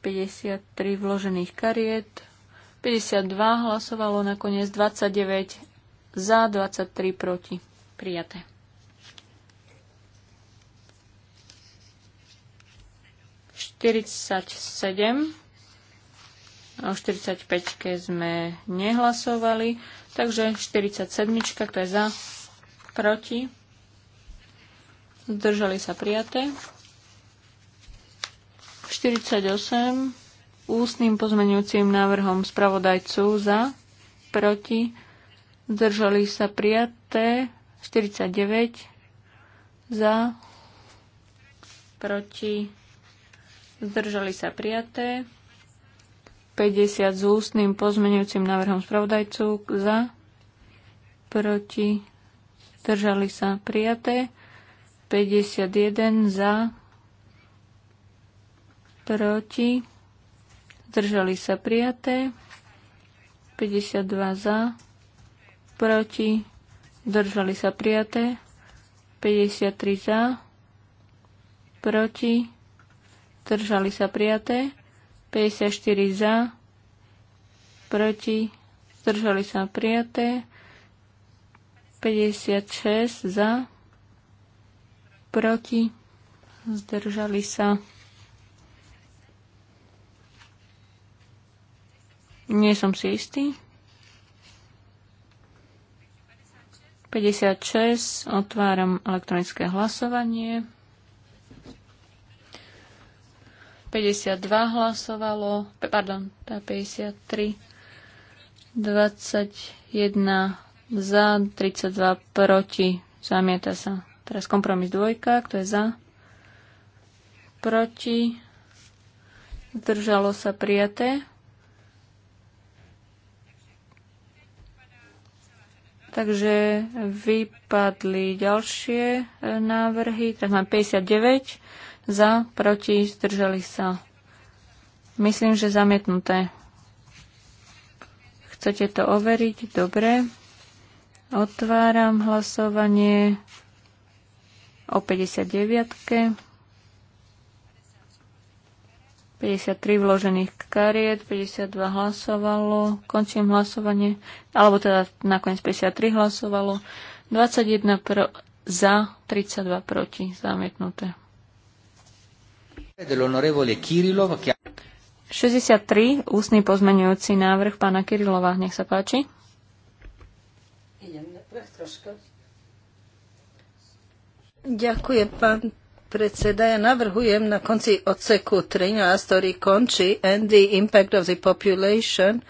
53 vložených kariet, 52 hlasovalo nakoniec 29 za, 23 proti. Prijaté. Štyridsaťsedem. O 45 sme nehlasovali, takže 47, to je za, proti, zdržali sa prijaté. 48 ústnym pozmenujúcim návrhom spravodajcu za, proti, zdržali sa prijaté 49 za, proti, zdržali sa prijaté 50 s ústnym pozmenujúcim návrhom spravodajcu za, proti, zdržali sa prijaté 51 za, proti, zdržali sa prijaté, 52 za, proti, zdržali sa prijaté, 53 za, proti, zdržali sa prijaté, 54 za, proti, zdržali sa prijaté, 56 za, proti, zdržali sa prijaté. Nie som si istý. 56. Otváram elektronické hlasovanie. 52 hlasovalo, pardon, 53, 21 za, 32 proti, zamieta sa. Teraz kompromis dvojka, kto je za, proti, zdržalo sa prijaté. Takže vypadli ďalšie e, návrhy. Teraz mám 59 za, proti, zdržali sa. Myslím, že zamietnuté. Chcete to overiť? Dobre. Otváram hlasovanie o 59. 53 vložených kariet, 52 hlasovalo, končím hlasovanie, alebo teda nakoniec 53 hlasovalo, 21 pro, za, 32 proti, zamietnuté. 63, ústny pozmenujúci návrh pána Kirilova, nech sa páči. Ďakujem, pán predseda, ja navrhujem na konci odseku 13, ktorý no končí and the impact of the population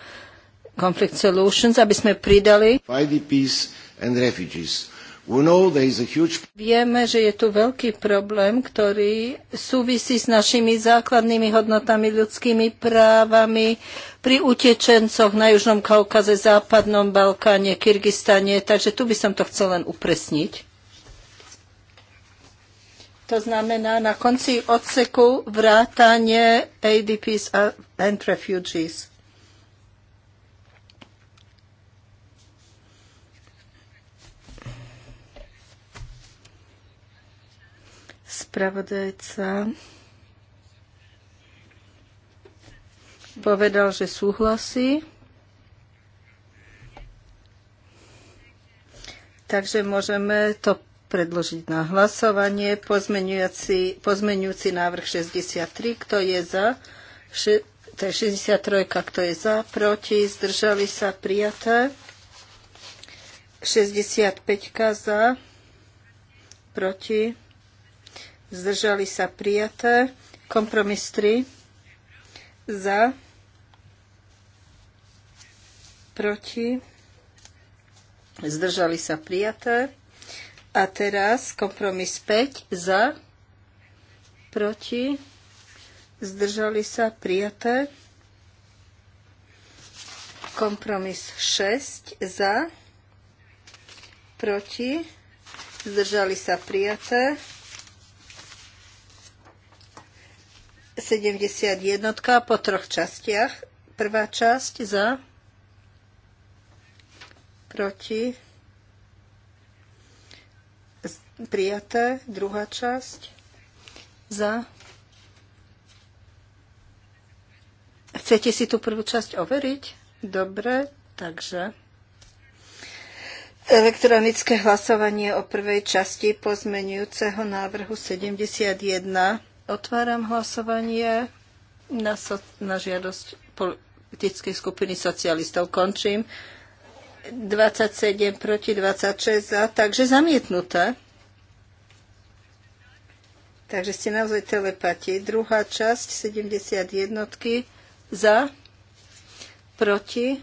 conflict solutions, aby sme pridali IDPs and refugees. Huge... Vieme, že je tu veľký problém, ktorý súvisí s našimi základnými hodnotami, ľudskými právami pri utečencoch na Južnom Kaukaze, Západnom Balkáne, Kyrgyzstane. Takže tu by som to chcel len upresniť. To znamená na konci odseku vrátanie ADPs and refugees. Spravodajca povedal, že súhlasí. Takže môžeme to predložiť na hlasovanie pozmeňujúci, pozmenujúci návrh 63. Kto je za? Še, to je 63. Kto je za? Proti? Zdržali sa? Prijaté? 65. Za? Proti? Zdržali sa? Prijaté? Kompromis 3. Za? Proti? Zdržali sa? Prijaté? A teraz kompromis 5 za, proti, zdržali sa prijaté. Kompromis 6 za, proti, zdržali sa prijaté. 71 po troch častiach. Prvá časť za, proti, Prijaté. Druhá časť. Za. Chcete si tú prvú časť overiť? Dobre, takže elektronické hlasovanie o prvej časti pozmenujúceho návrhu 71. Otváram hlasovanie na, so, na žiadosť politickej skupiny socialistov. Končím. 27 proti 26 za, takže zamietnuté. Takže ste naozaj telepati. Druhá časť, 71 za, proti,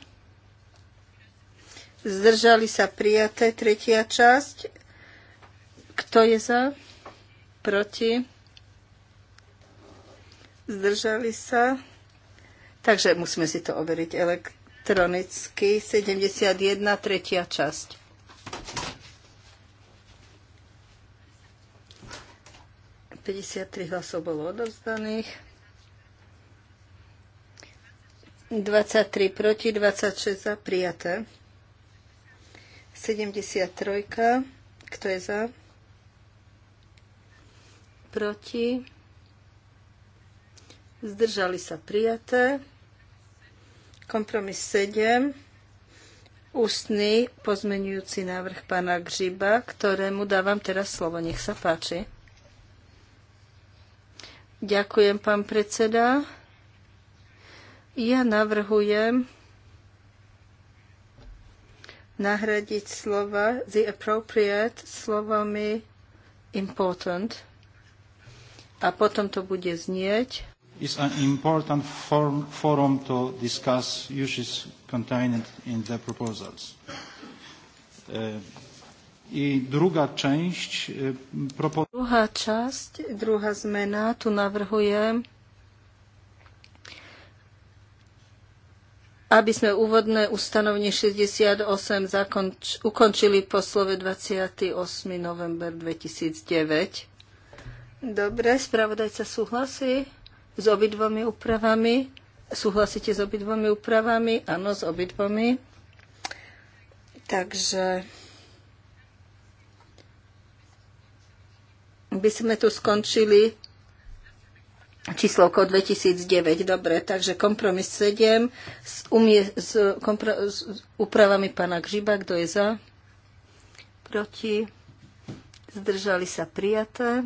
zdržali sa prijaté. Tretia časť, kto je za, proti, zdržali sa. Takže musíme si to overiť elektronicky. 71, tretia časť. 53 hlasov bolo odovzdaných. 23 proti, 26 za, prijaté. 73, kto je za? Proti. Zdržali sa prijaté. Kompromis 7. Ústny pozmenujúci návrh pána Gžiba, ktorému dávam teraz slovo. Nech sa páči. Ďakujem, pán predseda. Ja navrhujem nahradiť slova the appropriate slovami important. A potom to bude znieť. It's an important form, forum to discuss issues contained in the proposals. Uh, i e, druhá część proponuje... druhá część, druga zmena, tu navrhujem, aby sme úvodné ustanovenie 68 zakonč- ukončili po slove 28. november 2009. Dobre, spravodajca súhlasí s obidvomi úpravami. Súhlasíte s obidvomi úpravami? Áno, s obidvomi. Takže by sme tu skončili číslovko 2009. Dobre, takže kompromis 7 s, umie, s, kompro, s úpravami pána Gžiba. Kto je za? Proti? Zdržali sa prijaté.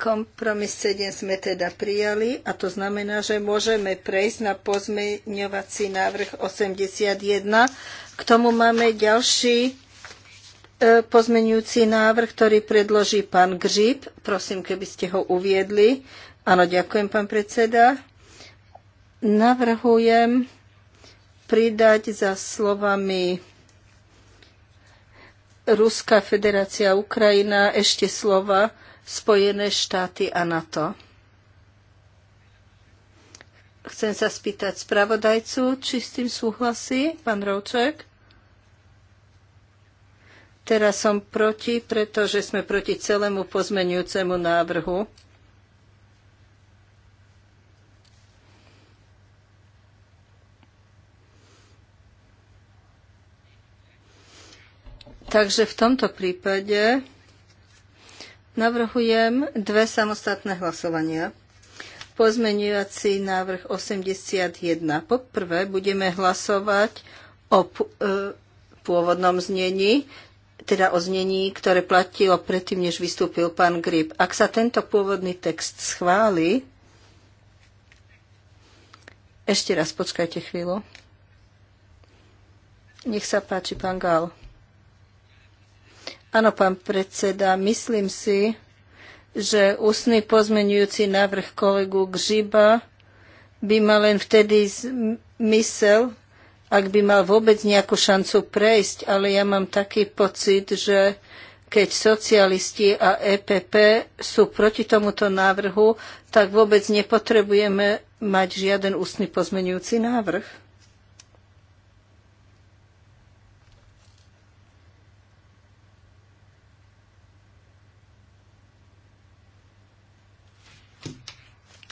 Kompromis 7 sme teda prijali a to znamená, že môžeme prejsť na pozmeňovací návrh 81. K tomu máme ďalší E, pozmenujúci návrh, ktorý predloží pán Gžip. Prosím, keby ste ho uviedli. Áno, ďakujem, pán predseda. Navrhujem pridať za slovami Ruská federácia Ukrajina ešte slova Spojené štáty a NATO. Chcem sa spýtať spravodajcu, či s tým súhlasí pán Rovček. Teraz som proti, pretože sme proti celému pozmenujúcemu návrhu. Takže v tomto prípade navrhujem dve samostatné hlasovania. Pozmeňovací návrh 81. Poprvé budeme hlasovať o e, pôvodnom znení teda o znení, ktoré platilo predtým, než vystúpil pán Grip. Ak sa tento pôvodný text schváli, ešte raz počkajte chvíľu. Nech sa páči, pán Gál. Áno, pán predseda, myslím si, že ústny pozmenujúci návrh kolegu Gžiba by mal len vtedy zmysel, ak by mal vôbec nejakú šancu prejsť, ale ja mám taký pocit, že keď socialisti a EPP sú proti tomuto návrhu, tak vôbec nepotrebujeme mať žiaden ústny pozmenujúci návrh.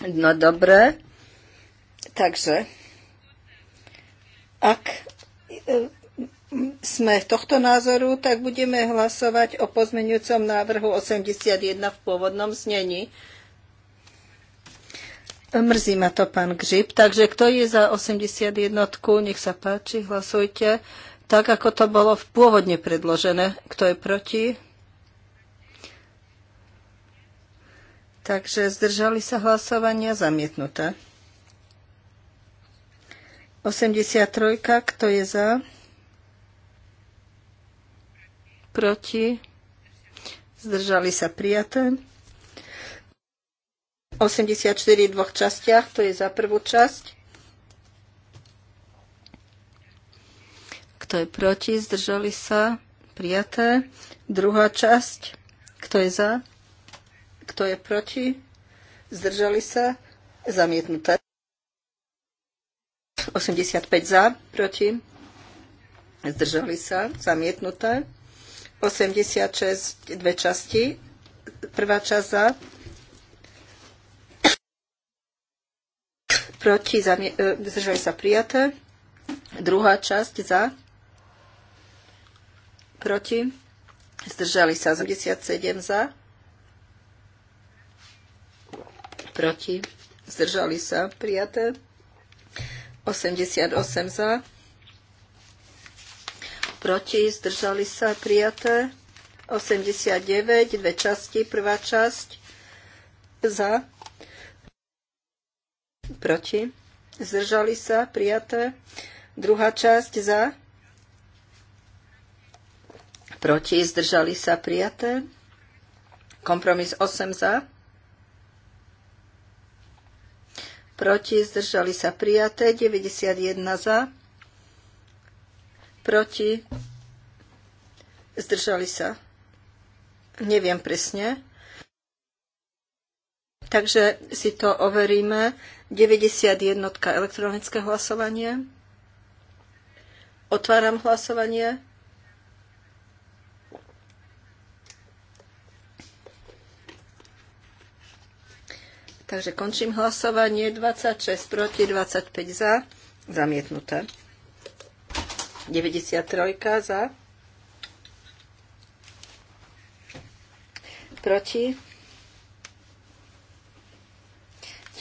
No dobre, takže ak e, sme tohto názoru, tak budeme hlasovať o pozmeňujúcom návrhu 81 v pôvodnom znení. Mrzí ma to pán gřip, takže kto je za 81, nech sa páči, hlasujte. Tak, ako to bolo v pôvodne predložené. Kto je proti? Takže zdržali sa hlasovania zamietnuté. 83, kto je za? Proti? Zdržali sa prijaté. 84 v dvoch častiach, to je za prvú časť. Kto je proti? Zdržali sa? Prijaté. Druhá časť. Kto je za? Kto je proti? Zdržali sa? Zamietnuté. 85 za, proti, zdržali sa, zamietnuté. 86, dve časti, prvá časť za, proti, e, zdržali sa prijaté, druhá časť za, proti, zdržali sa 87 za, proti, zdržali sa prijaté. 88 za. Proti zdržali sa prijaté. 89, dve časti, prvá časť za. Proti zdržali sa prijaté. Druhá časť za. Proti zdržali sa prijaté. Kompromis 8 za. proti, zdržali sa prijaté, 91 za, proti, zdržali sa, neviem presne. Takže si to overíme. 91. elektronické hlasovanie. Otváram hlasovanie. Takže končím hlasovanie 26 proti 25 za. Zamietnuté. 93 za. Proti.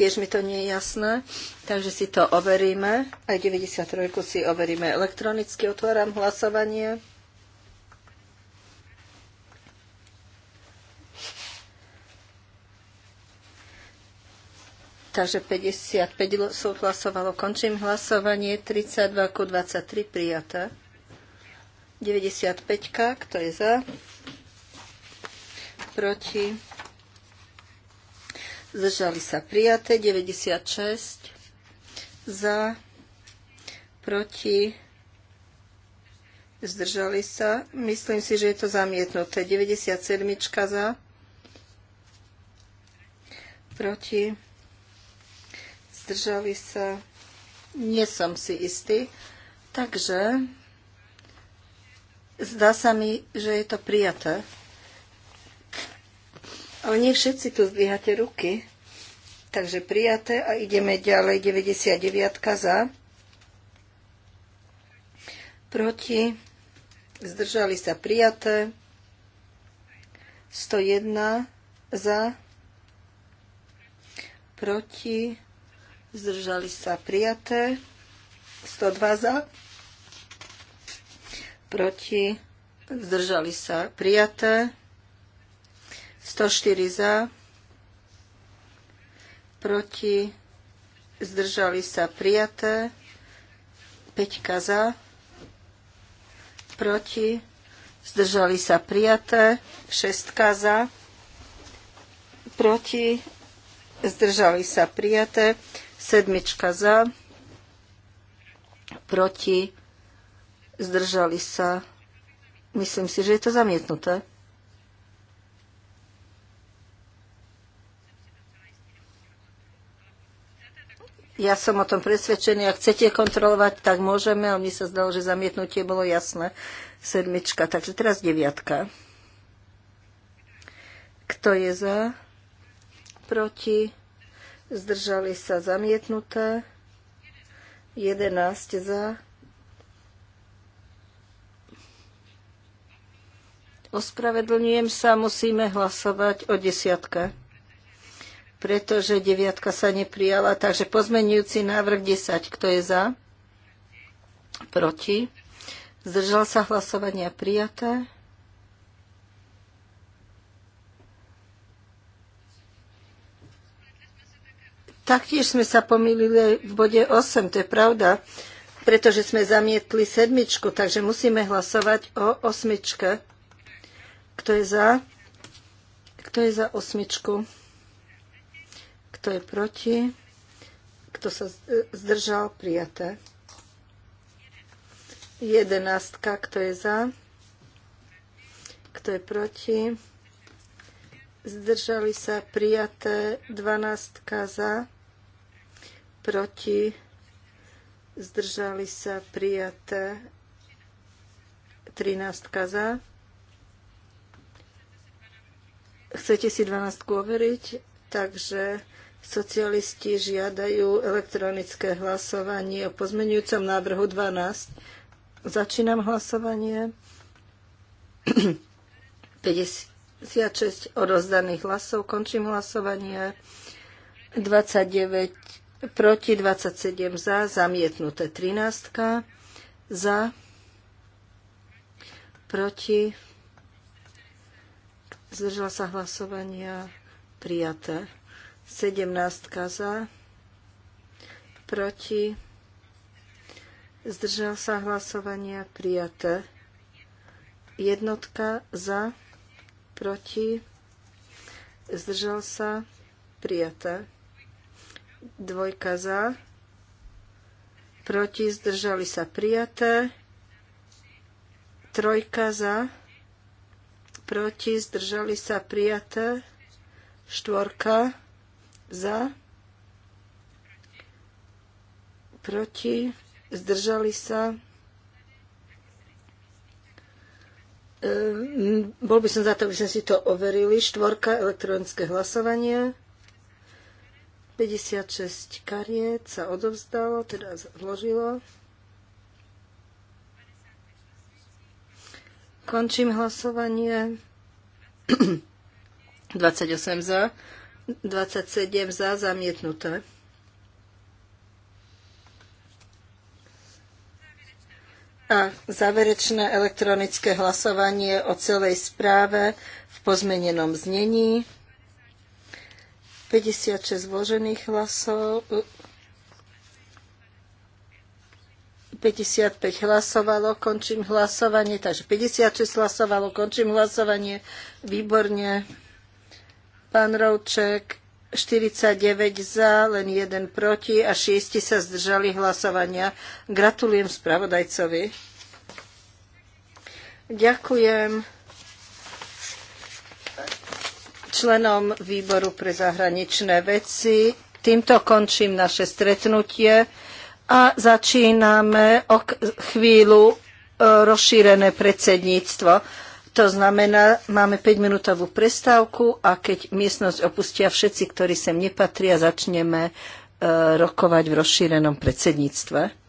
Tiež mi to nie je jasné, takže si to overíme. Aj 93 si overíme elektronicky. Otváram hlasovanie. Takže 55 súhlasovalo hlasovalo. Končím hlasovanie. 32 ku 23 prijaté. 95, kto je za? Proti? Zdržali sa prijaté. 96 za? Proti? Zdržali sa. Myslím si, že je to zamietnuté. 97 za? Proti? zdržali sa, nie som si istý. Takže zdá sa mi, že je to prijaté. Ale nie všetci tu zdvíhate ruky. Takže prijaté a ideme ďalej. 99 za. Proti. Zdržali sa prijaté. 101 za. Proti zdržali sa prijaté, 102 za, proti, zdržali sa prijaté, 104 za, proti, zdržali sa prijaté, 5 za, proti, zdržali sa prijaté, 6 za, proti, zdržali sa prijaté, Sedmička za, proti, zdržali sa. Myslím si, že je to zamietnuté. Ja som o tom presvedčený. Ak chcete kontrolovať, tak môžeme, ale mne sa zdalo, že zamietnutie bolo jasné. Sedmička, takže teraz deviatka. Kto je za? Proti? zdržali sa zamietnuté, 11 za, Ospravedlňujem sa, musíme hlasovať o desiatke, pretože deviatka sa neprijala. Takže pozmenujúci návrh 10. Kto je za? Proti? Zdržal sa hlasovania prijaté. Taktiež sme sa pomýlili v bode 8, to je pravda, pretože sme zamietli sedmičku, takže musíme hlasovať o osmičke. Kto je za? Kto je za osmičku? Kto je proti? Kto sa zdržal? Prijaté. Jedenástka. Kto je za? Kto je proti? Zdržali sa prijaté. Dvanástka za proti, zdržali sa prijaté 13 za. Chcete si 12 overiť? Takže socialisti žiadajú elektronické hlasovanie o pozmenujúcom návrhu 12. Začínam hlasovanie. 56 odozdaných hlasov. Končím hlasovanie. 29 proti 27 za, zamietnuté 13 za, proti, zdržala sa hlasovania, prijaté 17 za, proti, zdržal sa hlasovania, prijaté jednotka za, proti, zdržal sa, prijaté dvojka za, proti, zdržali sa prijaté, trojka za, proti, zdržali sa prijaté, štvorka za, proti, zdržali sa. Ehm, bol by som za to, aby sme si to overili. Štvorka elektronické hlasovanie. 56 kariet sa odovzdalo, teda zložilo. Končím hlasovanie. 28 za, 27 za, zamietnuté. A záverečné elektronické hlasovanie o celej správe v pozmenenom znení. 56 vložených hlasov, 55 hlasovalo, končím hlasovanie, takže 56 hlasovalo, končím hlasovanie, výborne. Pán Rovček, 49 za, len 1 proti a 6 sa zdržali hlasovania. Gratulujem spravodajcovi. Ďakujem členom výboru pre zahraničné veci. Týmto končím naše stretnutie a začíname o chvíľu e, rozšírené predsedníctvo. To znamená, máme 5-minútovú prestávku a keď miestnosť opustia všetci, ktorí sem nepatria, začneme e, rokovať v rozšírenom predsedníctve.